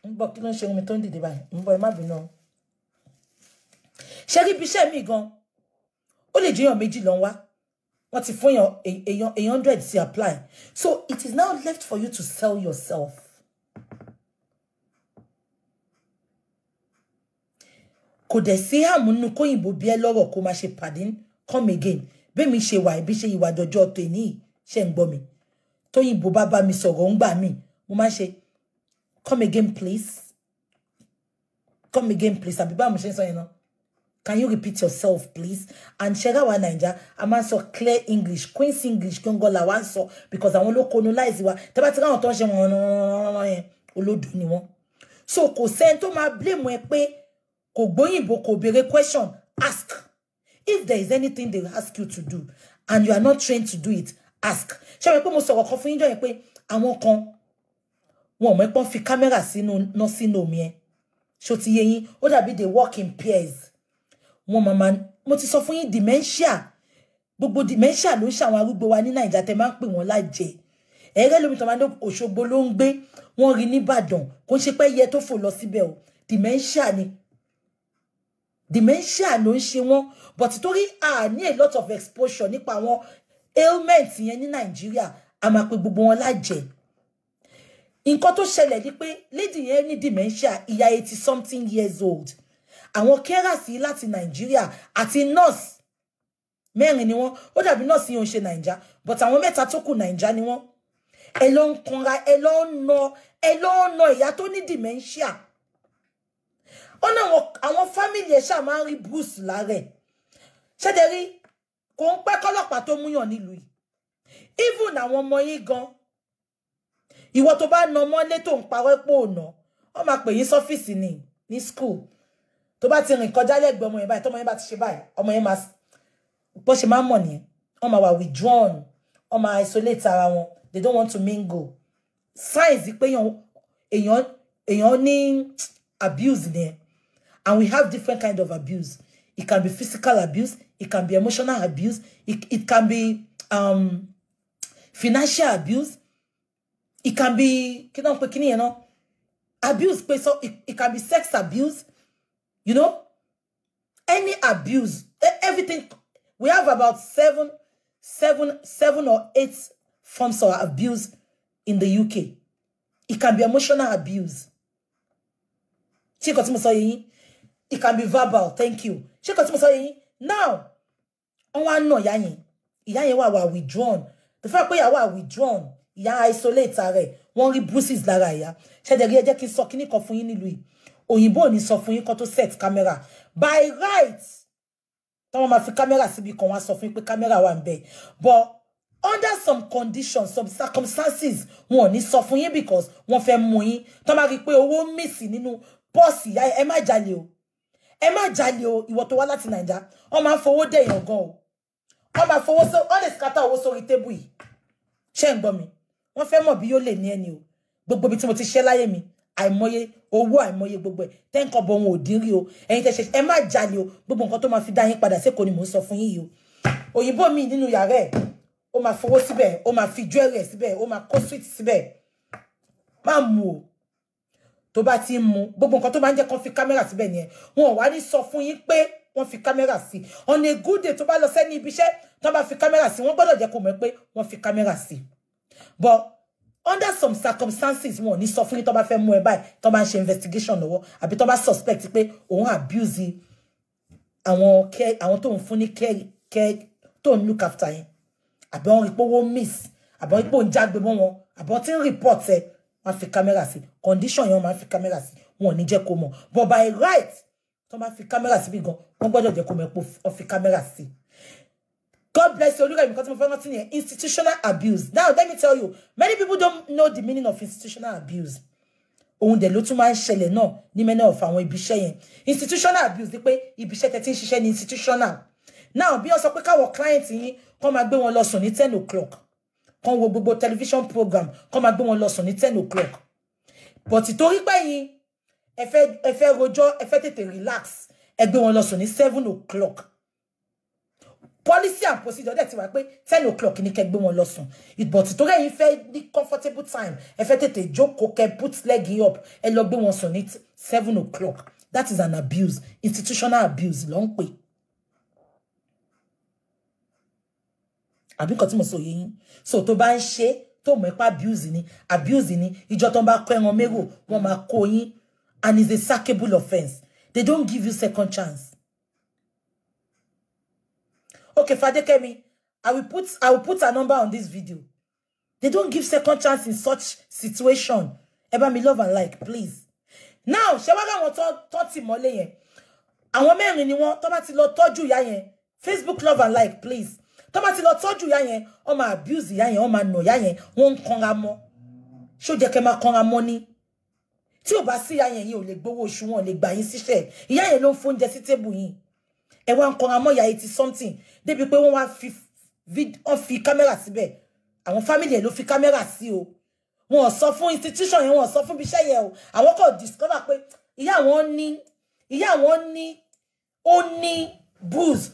[SPEAKER 3] ń bọ̀ kí ló ń ṣe omi tó ń dìde báyìí ń bọ̀ ẹ má bínú ṣe rí ibi iṣẹ́ mi gan ó lè jẹ́ èèyàn méjì ló ń wá wọ́n ti fún èèyàn a hundred ti apply so it is now left for you to sell yourself. kò dẹ̀ sí àmúnú kóyìnbó bí ẹ lọ́rọ̀ kó máa ṣe pàdé come again bẹ́ẹ̀ mi ṣe wà ibi ṣe ìwà dọjọ́ tèmi ṣe ń gbọ́ mi tóyìnbó bá bá mi sọ̀rọ̀ ń gbà mí mo máa ṣe come again please come again please àbí báwo mo ṣe ń sọ yẹn náà can you repeat yourself please and ṣẹ́ra wa naija a máa sọ clear english queen's english gangan la wa ń sọ because àwọn ló colonize wa tẹ́bá tí káwọn tó ń ṣe wọ́n yẹn olódò ni wọ́n so kò sẹ́ni tó máa blame ẹ pé kò gbóyìnbó kò béèrè question ask if there is anything they ask you to do and you are not trained to do it ask ṣé wọ́n pé mo sọ̀rọ̀ kan fún yín jọ yẹn pé àwọn kan wọn ò mọ̀ pọ́n fi kámẹ́rà sínú no, sínú omi ẹ̀ ṣó ti yé yín ó dàbí they work in pairs wọn màmá mo ti sọ fún yín dementia gbogbo dementia ló ń ṣe àwọn arúgbó wa ní nàìjíríà tẹ máa ń pè wọn lájẹ ẹ̀rẹ́ lómi tó máa ń dọ́ òṣogbo ló ń gbé wọ́n rí nìbàdàn kò ń ṣe pé ẹyẹ tó fò o dementia ni dementia ló ń ṣe wọ́n but torí a a lot of exposure nípa àwọn ailment yẹn ní nàìjíríà a máa pe gbogbo wọn lájẹ nǹkan tó ṣẹlẹ̀ ni pé lady yẹn ní dementia ìyá eighty something years old àwọn kérasì láti nàìjíríà àti nurse mẹ́rin ni wọ́n ó dàbí nọ́ọ̀sì yóò ṣe nàìjà but àwọn mẹ́ta tó kù nàìjà ni wọ́n ẹ lọ ń kanra ẹ lọ ń nà ẹ lọ ń nà ìyá tó ní dementia On a àwọn fámìlì ẹ̀ ṣáà máa ń rí bruce lára ẹ̀ ṣẹ́dẹ̀ rí kò ń pẹ́ kọ́lọ́pàá tó múyàn nílùú even àwọn ọmọ yín gan ìwọ tó bá na mọ́lé tó ń parọ́ pò ná wọ́n máa pè yín sọ́fíìsì ni ní school To bá ti rìn kọjá lẹ́gbẹ̀ẹ́ ọmọ yẹn báyìí tọ́mọ yẹn bá ti ṣe báyìí ọmọ yẹn máa bó ṣe máa ń mọ̀ nìyẹn wọ́n máa withdrawn wọ́n máa isolate ara wọn they don't want to mingle signs pé èèyàn èèyàn ní abuse nìyẹn And we have different kind of abuse. It can be physical abuse. It can be emotional abuse. It, it can be um, financial abuse. It can be, you know, abuse. So it, it can be sex abuse. You know, any abuse, e, everything. We have about seven, seven, seven or eight forms of abuse in the UK. It can be emotional abuse. See, continue saying it can be verbal thank you She continue saying, now wọn wá no ìyá yẹn wa wa withdrawn the fact pé wa withdrawn ìyá isolate ara One wọ́n rí bruises lára ìyá ṣẹdẹrí ẹ jẹ́ kí n sọ kíní kan fún yín nílùú yìí òyìnbó ò ní sọ kan tó set camera by right táwọn máa fi camera síbi kan wọ́n sọ fún yín camera wa ń but under some conditions some circumstances wọn ni ní sọ fún because wọ́n fe mú yín tó máa rí i pé owó mísì nínú bọ́ọ̀sì ìyá ẹ má o ẹ má jalè o ìwọ tó wá láti nàìjà wọn máa ń fowó dé èèyàn gan o wọn máa fowó so wọn lè scatter owó sórí tébù yìí ṣé ń gbọ́ mi wọn fẹ́ mọ̀ bí yóò lè ní ẹni o gbogbo ibi tí mo ti ṣe láyé mi àìmọye owó àìmọye gbogbo ẹ tẹ́ǹkan bọ̀ ohun òdín rí o ẹ̀yin tẹ́ ṣe ẹ má jalè o gbogbo nǹkan tó máa fi dá yín padà sí kò ní mò ń sọ fún yín yìí o òyìnbó mi nínú yàrá ẹ̀ ó máa fowó síbẹ̀ ó máa fi jewelry síbẹ̀ ó máa kó sweet síbẹ̀ má mu o tó bá ti ń mu gbogbo nǹkan tó máa ń jẹ́ kán fi kámẹ́rà síbẹ̀ yẹn wọn ò wá ní sọ fún yín pé wọ́n fi kámẹ́rà sí on a good day tó bá lọ sẹ́ni ibi tó bá fi kámẹ́rà sí wọ́n gbọ́dọ̀ jẹ́ kó mọ̀ pé wọ́n fi kámẹ́rà sí but under some circumstances wọn ò ní sọ fún yín tó bá fẹ́ mú ẹ báyìí tó bá ń ṣe investigation lọ́wọ́ àbí tó bá suspect pé òun abuse àwọn care àwọn tó ń fún ní care care tó ń look after yín àbí wọn rí pé wọn miss àbí wọn rí pé òun jágbe mọ́ wọn àbí wọn ti ń report ẹ wọ́n fi kámẹ́rà sí condition yẹn wọ́n máa fi kámẹ́rà sí wọn ò ní jẹ́ kó mọ̀ but by right tó máa fi kámẹ́rà sí bí gan wọ́n gbọ́dọ̀ jẹ́ kó mọ̀ pé wọ́n fi kámẹ́rà sí. God bless you Olúrẹ̀mí kan tí mo fẹ́ rántí yẹn institutional abuse now let me tell you many people don't know the meaning of institutional abuse òun dẹ̀ ló tún máa ń ṣẹlẹ̀ náà ní many of àwọn ibiṣẹ́ yẹn institutional abuse ni pé ibiṣẹ́ tẹ ti ń ṣiṣẹ́ ní institutional now bí wọ́n sọ pé káwọn client yín kọ́ máa gbé wọn lọ sùn ní ten o'clock kàn wo gbogbo television program kàn máa gbé wọn lọ sùn ní ten o'clock but torí pẹ́yìn ẹ fẹ́ ẹ fẹ́ rojọ́ ẹ fẹ́ tètè relax ẹ gbé wọn lọ sùn ní seven o'clock policy and procedure dẹ̀ ti wà pé ten o'clock ni kẹ́ gbé wọn lọ sùn but torí ẹ̀yin fẹ́ ní comfortable time ẹ fẹ́ tètè jókòó kẹ́ put leg up ẹ lọ gbé wọn sùn ní seven o'clock that is an abuse institutional abuse Long ń àbí nǹkan tí mo sọ yé so to bá ń ṣe tó mọ̀ abuse ni abuse ni ìjọ tó ń bá kọ́ ẹran mérò wọ́n máa kó and it's a sackable offence they don't give you second chance. okay kemi I will put I will put a number on this video they don't give second chance in such situation eba bá mi love and like please now ṣé wá láwọn tó tì mọ́lé yẹn àwọn mẹ́rin ni wọ́n tó bá ti lọ tọ́jú ìyá yẹn Facebook love and like please tó bá ti lọ tọ́jú ìyá yẹn wọ́n abuse ìyá yẹn wọ́n no, nà ìyá yẹn wọ́n ń kanra mọ́ ṣó jẹ́ kẹ́ máa kanra mọ́ ni tí ò bá sí ìyá yẹn yìí ò lè gbowó oṣù wọn ò lè gbà yín síṣẹ́ ìyá yẹn ló ń fóúnjẹ sí tébù yìí ẹ wá ń kanra mọ́ ìyá eighty something débi pé wọ́n wá fi kámẹ́rà síbẹ̀ àwọn fámìlì ẹ̀ ló fi kámẹ́rà sí o wọn sọ fún institution yẹn wọn sọ fún ibiṣẹ́ yẹn o àwọn kò discover pé ìyá wọn ní ìyá wọn ní ó ní bruise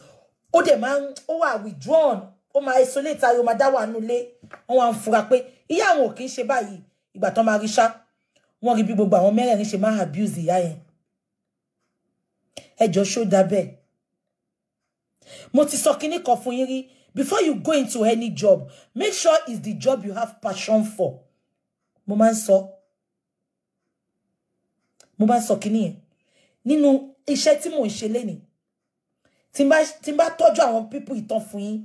[SPEAKER 3] ó dẹ̀ máa ń ó wà withdrawn ó máa isolate ayò máa dá wà nulẹ̀ wọ́n wá ń fura pé ìyá àwọn ò kì í ṣe báyìí ìgbà tán máa rí ṣá wọ́n rí bí gbogbo àwọn mẹ́rẹ̀ẹ̀rin ṣe máa abuse ìyá yẹn ẹjọ́ ṣó dá bẹ́ẹ̀ mo ti sọ kinní kan fún yín rí before you go into any job make sure it's the job you have passion for mo máa ń sọ mo máa ń sọ kinní yẹn nínú iṣẹ́ tí mò ń ṣe lénìí tí n bá tí n bá tọ́jú àwọn pípù ìtàn fún yín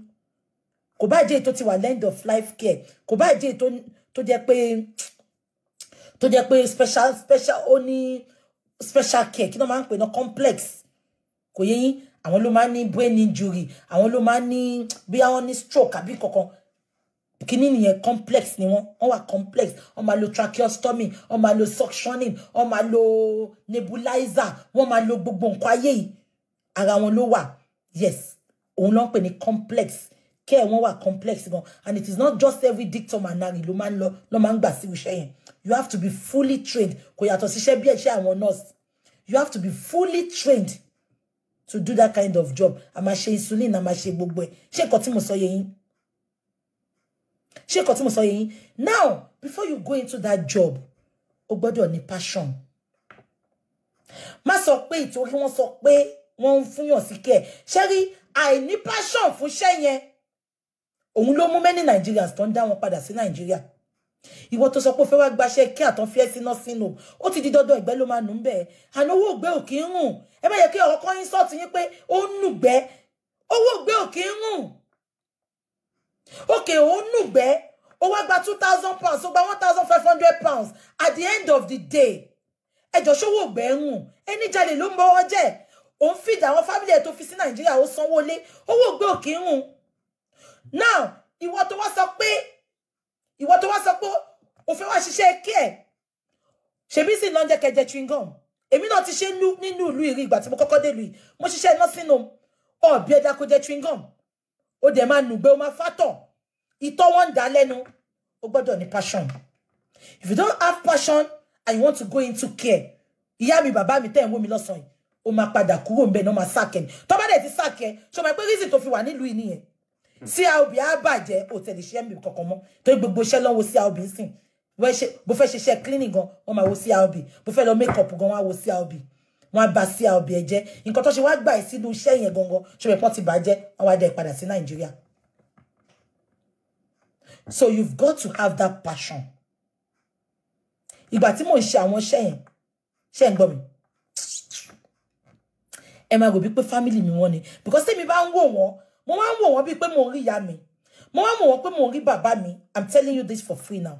[SPEAKER 3] kò bá jẹ́ ètò ti wà end of life care kò bá jẹ́ ètò tó jẹ́ pé tó jẹ́ pé special special ó ní special care kí ló máa ń pè ná complex kò yẹ yín àwọn ló máa ń ní brain injury àwọn ló máa ń ní bí àwọn ní stroke àbí kankan kíní nìyẹn complex ni wọ́n wọ́n wà complex wọ́n máa lo tracheostomy wọ́n máa lo suctioning wọ́n máa lo nebulizer wọ́n máa lo gbogbo nǹkan ayé yìí ara wọn ló wà yes òun ló ń complex kí one wọ́n wà complex and it is not just every dictum and nari ló máa ń lọ ló máa ń gbà you have to be fully trained kò yàtọ̀ síṣẹ́ bí ẹ̀ṣẹ́ àwọn nurse you have to be fully trained to do that kind of job a máa ṣe insulin a máa ṣe gbogbo ẹ̀ ṣé nǹkan tí mo sọ yẹn yín ṣé nǹkan tí now before you go into that job o gbọ́dọ̀ ní passion má sọ pé ìtorí wọ́n sọ wọ́n ń fúnyàn sí kẹ́ ṣé rí àìní passion fún iṣẹ́ yẹn òun ló mú many Nigerians tó ń dá wọn padà sí Nàìjíríà ìwọ tó sọ pé ó fẹ́ wá gbaṣẹ́ kí àtọ́ fẹ́ síná sínú ó ti di dandan ìgbẹ́ ló máa nù ń bẹ̀ ànáwó ògbé òkè ń rùn ẹ bá yẹ kí ọ̀rọ̀ yín sọ́ọ̀tì yín pé ó ń nùgbẹ́ owó ògbé òkè ń rùn òkè ó ń nùgbẹ́ ó wá gba two thousand pounds ó gba one thousand five hundred pounds at the end of the day ẹjọ́ ṣówó ògbẹ́ ń rùn ẹni jalè ló ń bọ́ wọ́n jẹ́ òun fìdí àwọn fámìlì ẹ̀ tó fi sí nàìjíríà ó sanwó lé owó gbé òkè ń hùn now ìwọ tó wá sọ pé ìwọ tó wá sọ pé o fẹ́ wá ṣiṣẹ́ kí ẹ̀ ṣèbí sì lọ́njẹ́ kẹjẹ chewing gum èmi náà ti ṣe nínú ìlú ìrí ìgbà tí mo kọ́kọ́ dé ìlú yìí mo ṣiṣẹ́ nursing home ọ̀bí ẹja kó jẹ chewing gum ó dẹ̀ máa nùgbé ó máa fátọ̀ ìtọ́ wọn ń dà lẹ́nu o gbọ́dọ̀ ní passion if you don't have passion and you want to go into care ìyá mi bàbá mi tẹ̀ ń wó mi lọ́sàn yìí ó máa padà kúrò ńbẹ̀ náà máa sáàkẹ́ ni tó bá dẹ̀ ti sáàkẹ́ ṣọ máa pé reason tó fi wà nílùú yìí nìyẹn sí hmm. aobi á bàjẹ́ òtẹ̀lẹ̀ iṣẹ́ mi kankan mọ́ torí gbogbo iṣẹ́ lọ́wọ́ sí aobi sìn bó fẹ́ ṣiṣẹ́ cleaning gan wọ́n máa wo sí aobi bó fẹ́ lọ make up gan wọ́n wo sí aobi wọ́n á ba sí aobi ẹ̀ jẹ́ nǹkan tó ṣe wá gbà sínú iṣẹ́ yẹn gangan ṣọ pé ti bàjẹ́ wọ́n wá dẹ̀ padà sí Nàìjíríà so you've got to have that passion ìgbà tí mò ń ṣe àwọn iṣẹ́ yẹn ṣe ń mi ẹ máa wò bí pé family mi wọ́n ni because tèmi bá ń wò wọ́n mo máa ń wò wọ́n bí pé mo rí ìyá mi mo máa ń wò wọ́n pé mo rí bàbá mi i'm telling you this for free now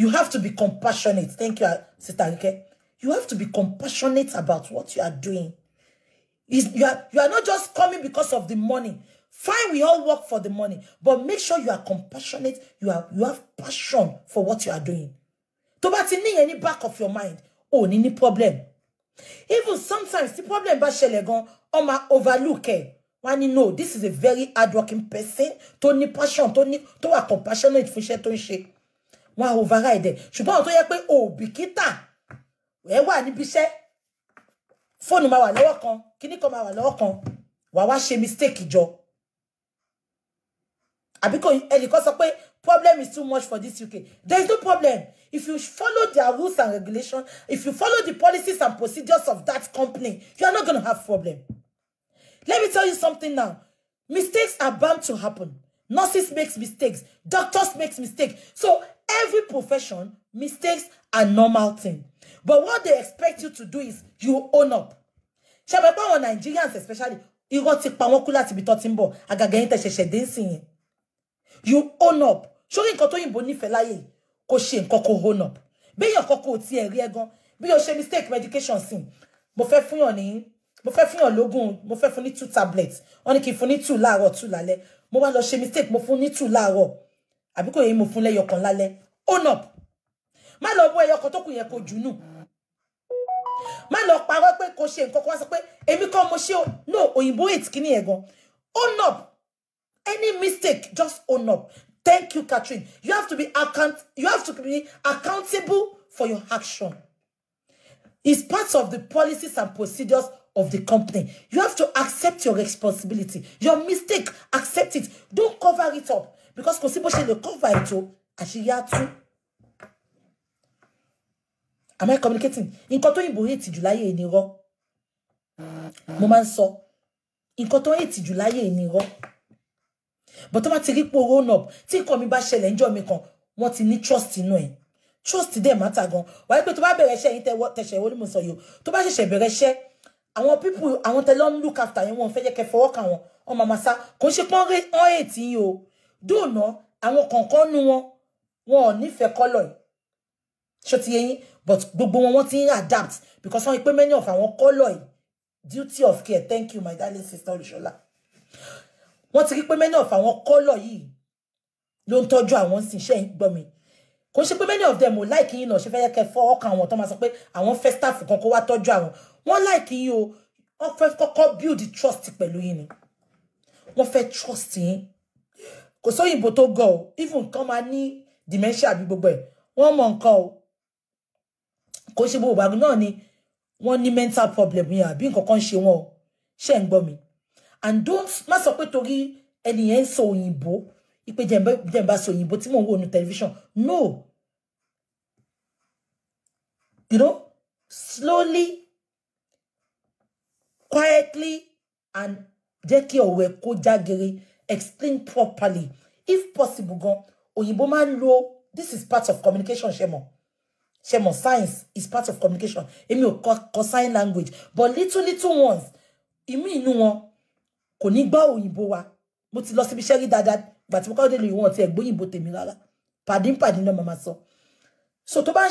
[SPEAKER 3] you have to be compassionate thank you sister Rike you have to be compassionate about what you are doing It's, you are you are not just coming because of the money Fine, we all work for the money, but make sure you are compassionate. You are you have passion for what you are doing. Tó bá ti ní yẹn ní back of your mind, ò ní ní problem even sometimes the problem bá ṣẹlẹ̀ gan ó overlook ẹ̀ wọ́n ní no this is a very hardworking person tó ní passion tó ní tó wà compassionate fún iṣẹ́ tó ń ṣe wọ́n á override ẹ̀ ṣùgbọ́n àwọn tó yẹ pé òbíkítà ẹ̀ wà níbi iṣẹ́ fóònù máa wà lọ́wọ́ kan kíní kan máa wà lọ́wọ́ mistake jọ àbí kò ẹnìkan problem is too much for this UK there is no problem if you follow their rules and regulations if you follow the policies and procedures of that company you are not going to have problem let me tell you something now mistakes are bound to happen nurses makes mistakes doctors makes mistakes so every profession mistakes are normal thing but what they expect you to do is you own up ṣe pé Nigerians especially you got to wọ́n kú láti ibi tó ti ń bọ̀ àgàgà you own up sórí nǹkan tó yìnbó nífẹ̀ẹ́ láyè kò ṣe nǹkan kò own up Be kọ́kọ́ koko tiẹ̀ rí ẹ gan bí o ṣe mistake medication sin mo fẹ́ fúnyàn ní mo fẹ́ fúnyàn lógún mo fe fún ní two tablets Oni ki kí n two láàárọ̀ two lale. mo wá lo ṣe mistake mo fún ní two láàárọ̀ àbí kò yẹ mo fún lẹ́yọ̀kan lálẹ́ own up má lọ mú ẹyọ̀kan tó kù yẹn kó jù nù má lọ parọ́ pé kò ṣe nǹkan kan wá sọ pé èmi kan mo ṣe no òyìnbó ètìkíní yẹn gan own up Any mistake, just own up. Thank you, Catherine. You have to be account you have to be accountable for your action. It's part of the policies and procedures of the company. You have to accept your responsibility. Your mistake, accept it. Don't cover it up. Because kò she will cover it up, she had to. Am I communicating? In koto yìnbó hate jù láyé Moment so. In koto ń sọ. Nǹkan tó but tó bá ti rí pé roll up tí nǹkan mi bá ṣẹlẹ̀ níjọ́ mi kan wọ́n ti ní trust inú ẹ̀ trust them, máta gan wáyé pé tó bá bẹ̀rẹ̀ iṣẹ́ yìí tẹ̀sẹ̀ ìwọ ni mo sọ yìí tó bá ṣẹ̀ṣẹ̀ bẹ̀rẹ̀ iṣẹ́ àwọn people àwọn tẹ lọ́n look after yẹn wọn fẹ́ jẹ́ kẹ́ fọwọ́ kàn wọn wọn máa ma sá kò ń ṣe pọ́n ré ọ́n èètì yìí o dóònà àwọn kọ̀ọ̀kan nu wọn wọn ò nífẹ̀ẹ́ kọ́lọ̀ yìí ṣó ti yé but gbogbo wọn wọ́n ti adapt because wọ́n rí pé many of àwọn kọ́lọ̀ yìí duty of care thank you my darling sister Olushola wọ́n ti rí pé many of àwọn kọ́lọ̀ yìí ló ń tọ́jú àwọn sì ṣe ń gbọ́ mi kò ṣe pé many of them ò like yín náà ṣe fẹ́ yẹ kẹ́ fọ́ ọkàn àwọn tó máa sọ pé àwọn fẹ́ staff kan kó wá tọ́jú àwọn wọ́n láìkí yín o wọ́n fẹ́ kọ́kọ́ build trust pẹ̀lú yín ni wọ́n fẹ́ trust yín kò sóyìnbó tó gọ̀ o even nǹkan máa ní dementia àbí gbogbo ẹ̀ wọ́n mọ̀ nǹkan o kò ṣe gbogbo àgbọn náà ni wọ́n ní mental problem yẹn àbí nǹkan kan ṣe wọ́n o ṣe ń gbọ́ mi and don't má sọ pé torí ẹnìyẹn ń sọ òyìnbó ìpè jẹ̀mbá sọ òyìnbó tí mò ń wò ní tẹlifíṣàn no you know slowly quietly and jẹ́ kí ọ̀rọ̀ kó jágere explain properly if possible gan òyìnbó máa ń lo this is part of communication ṣe mọ̀ science is part of communication èmi ò kọ́ sign language but little little ones ìmí inú wọn kò ní gbọ́ òyìnbó wa mo ti lọ síbi iṣẹ́ rí dáadáa ìgbà tí mo kọ́ délé ìwọ̀n ti ẹ̀gbọ́ òyìnbó tèmi rárá pàdínpàdín náà màmá sọ so tó bá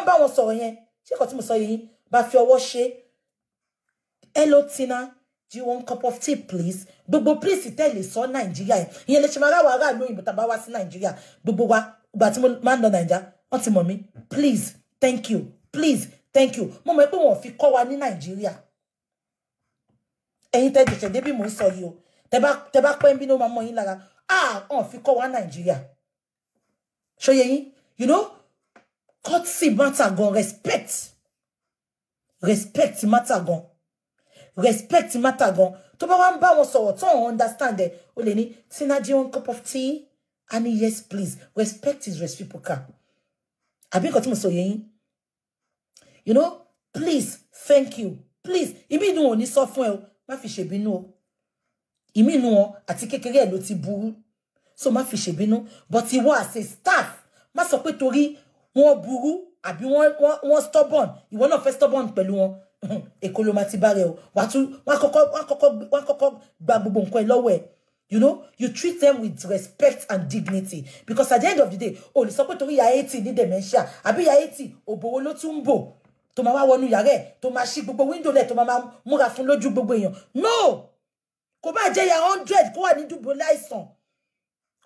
[SPEAKER 3] ń bá wọn sọ̀rọ̀ yẹn ṣé kò tí mo sọ yìí bá fi ọwọ́ ṣe hello Tina do you want cup of tea please gbogbo please tẹ̀lé sọ nàìjíríà yẹn ìyẹn lè ṣe máa ráwọ̀ aráàlú òyìnbó tá a bá wá sí nàìjíríà gbogbo wa ìgbà tí mo máa ń lọ nàìjíríà wọ́n ti mọ̀ mí please thank you please thank you mo mọ̀ pé wọ́n fi kọ́ wa ní nàìjíríà ẹ̀yin tẹ́ ṣẹ̀ṣẹ̀ débí mò ń sọ yìí o tẹ́ bá pẹ́ ń bínú máa mọ yín lára ah ọ̀n fi kọ́ wa nàìjíríà ṣóyẹ yín you know courtesy matter gan respect respect matter gan respect matter gan tó bá wá ń bá wọn sọ̀rọ̀ tó ń understand ẹ̀ o lè ní tina do you cup of tea and yes please respect is reciprocal àbí nǹkan tí mo sọ yẹ yín you know please thank you please ibi ni wọn ò ní sọ fún ẹ o Ma fi ṣèbínú o ìmínú wọn àti kékeré ẹ̀ ló ti burú so má fi ṣèbínú but ìwọ àṣẹ staff má sọ pé torí wọn burú àbí wọn stubborn ìwọ náà fẹ́ stubborn pẹ̀lú wọn èkó ló máa ti bá rẹ o wa á wa koko kọ́kọ́ wọn kọ́kọ́ wọn gba gbogbo nǹkan ẹ lọ́wọ́ ẹ you know you treat them with respect and dignity because at the end of the day o lè sọ pé torí ìyá eighty ní dementia Abi ìyá eighty òbòwò ló tún ń bò tó máa wá wọnú yàrá ẹ̀ tó máa ṣí gbogbo wíńdò lẹ̀ tó máa múra fún lójú gbogbo èèyàn no kò bá jẹ́ ya hundred kó wà ní dùbò láìsàn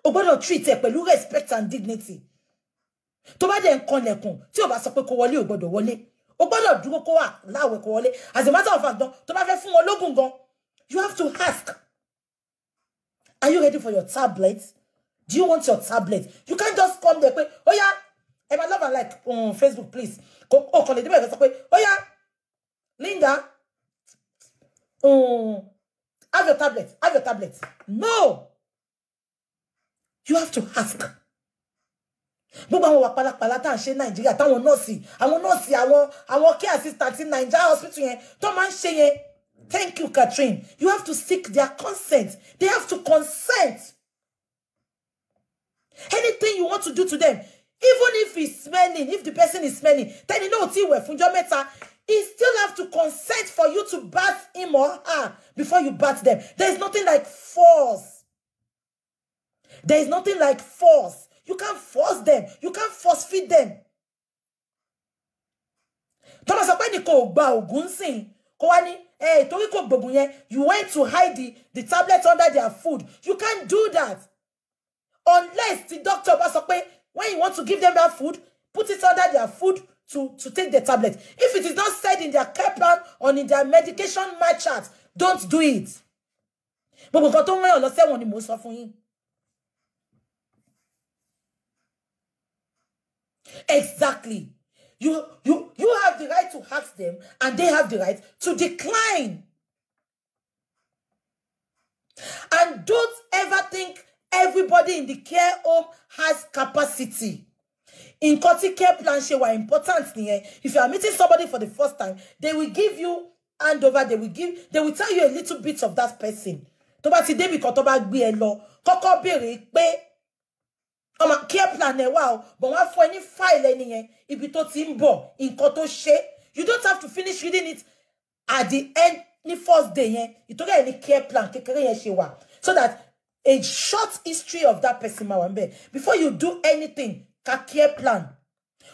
[SPEAKER 3] o gbọ́dọ̀ treat ẹ̀ pẹ̀lú respect and dignity tó bá dẹ̀ ń kanlẹ̀kùn tí o bá sọ pé kó wọlé o gbọ́dọ̀ wọlé o gbọ́dọ̀ dúró kó wà láwẹ̀ kó wọlé as a matter of fact gan tó bá fẹ́ fún wọn lógún gan you have to ask are you ready for your tablet do you want your tablet you can't just come there pé ó yá ẹ máa love and like on um, Facebook please kò ó kàn lè débẹ̀ sọ pé ó yá Linda um, have your tablet have your tablet no you have to ask gbogbo àwọn wà pálapàla tá à ń ṣe nàìjíríà táwọn nọ́ọ̀sì àwọn nọ́ọ̀sì àwọn àwọn care assistant ti nàìjíríà hospital yẹn tó máa ń ṣe yẹn thank you Catherine you have to seek their consent they have to consent anything you want to do to them even if he's smelling if the person is smelling tẹ́ni náà ti wẹ̀ fúnjọ́ mẹ́ta he still have to consent for you to bath him or her before you bath them there is nothing like force there is nothing like force you can't force them you can't force feed them tọ́lá eh, you went to hide the, the tablet under their food you can't do that unless the doctor bá sọ When you want to give them that food, put it under their food to, to take the tablet. If it is not said in their care plan or in their medication my chart, don't do it. Exactly. You, you, you have the right to ask them and they have the right to decline. And don't ever think everybody in the care home has capacity In tí care plan ṣe wà important nìyẹn if you are meeting somebody for the first time they will give you handover they will give they will tell you a little bit of that person Toba ti débi kan tó bá gbé ẹ lọ kọ́kọ́ béèrè care plan ẹ wow. o but wọ́n á fún file ẹni yẹn ibi tó ti ń bọ̀ nǹkan tó you don't have to finish reading it at the end ni first day yẹn ìtọ́jú ẹ̀ any care plan kékeré yẹn ṣe wà so that a short history of that person máa wà before you do anything ka care plan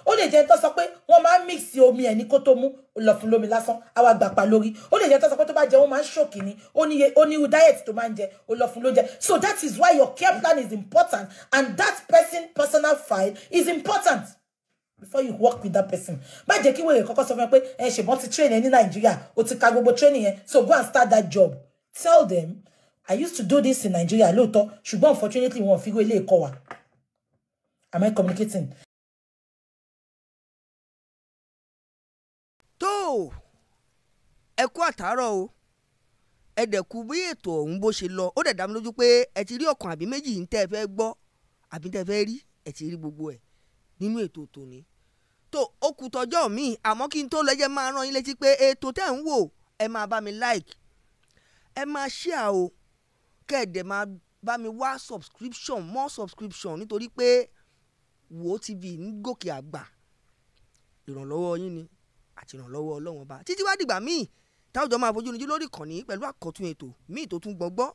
[SPEAKER 3] ó lè jẹ́ tó sọ pé wọ́n máa mix omi ẹ̀ ní kó tó mú lọ fún lómi lásán àwa gbàpá lórí ó lè jẹ́ tó sọ pé tó bá jẹ wọ́n máa ń ṣòkì ni ó ní diet to máa ń jẹ ó lọ fún lóúnjẹ so that is why your care plan is important and that person personal file is important before you work with that person má jẹ́ kí wèrè kọ́kọ́ sọ fún ẹ pé ẹ ti train ẹ ní nàìjíríà o ti ka gbogbo training so go and start that job tell them I used to do this in Nigeria lóòótọ́ ṣùgbọ́n unfortunately wọn ò fi wé ilé ẹ̀kọ́ wa. Am I communicating?
[SPEAKER 2] tó o ẹ kú àtàárọ̀ o ẹ dẹ̀kú bí ètò ọ̀hún bó ṣe lọ ó dẹ̀ dá mi lójú pé ẹ ti rí ọ̀kan àbí méjì ń tẹ́ ẹ fẹ́ gbọ́ àbí tẹ́ ẹ fẹ́ rí ẹ ti rí gbogbo ẹ̀ nínú ètò tòní tó o kù tọjọ́ mi àmọ́ like ẹ máa share kẹ̀dẹ̀ máa bá mi wá subscription more subscription nítorí pé wo tv ń gòkè àgbà ìrànlọ́wọ́ yín ni àti ìrànlọ́wọ́ ọlọ́wọ́n bá títí wá dìgbà míì táwùjọ máa fojú níjú lórí ìkànnì pẹ̀lú àkọ́tún ètò míì tó tún gbọ́ngbọ́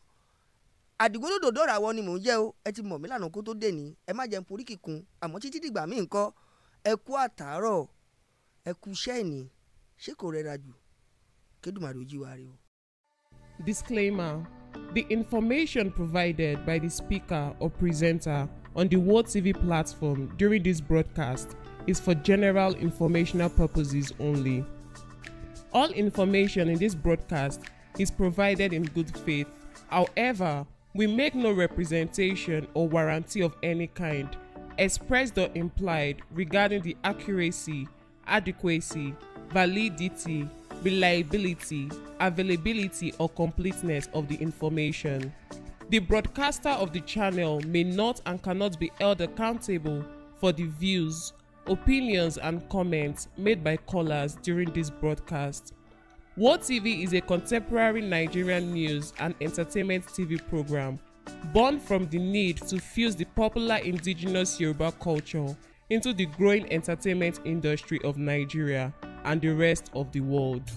[SPEAKER 2] àdìgbòlódò dọ́ra wọ ni mò ń jẹ́ o ẹ ti mọ̀ mí lánàá kó tó dé ní ẹ má jẹ́ n kíkun àmọ́ títí dìgbà míì ńkọ́ ẹ kú àtàárọ̀ ẹ kú iṣẹ́ ìní ṣé kò rẹra jù kédùmarè ojú wa rè o. disclaimer The information
[SPEAKER 1] provided by the speaker or presenter on the World TV platform during this broadcast is for general informational purposes only. All information in this broadcast is provided in good faith. However, we make no representation or warranty of any kind, expressed or implied, regarding the accuracy, adequacy, validity, reliability, availability, or completeness of the information. The broadcaster of the channel may not and cannot be held accountable for the views, opinions, and comments made by callers during this broadcast. What TV is a contemporary Nigerian news and entertainment TV program born from the need to fuse the popular indigenous Yoruba culture into the growing entertainment industry of Nigeria and the rest of the world.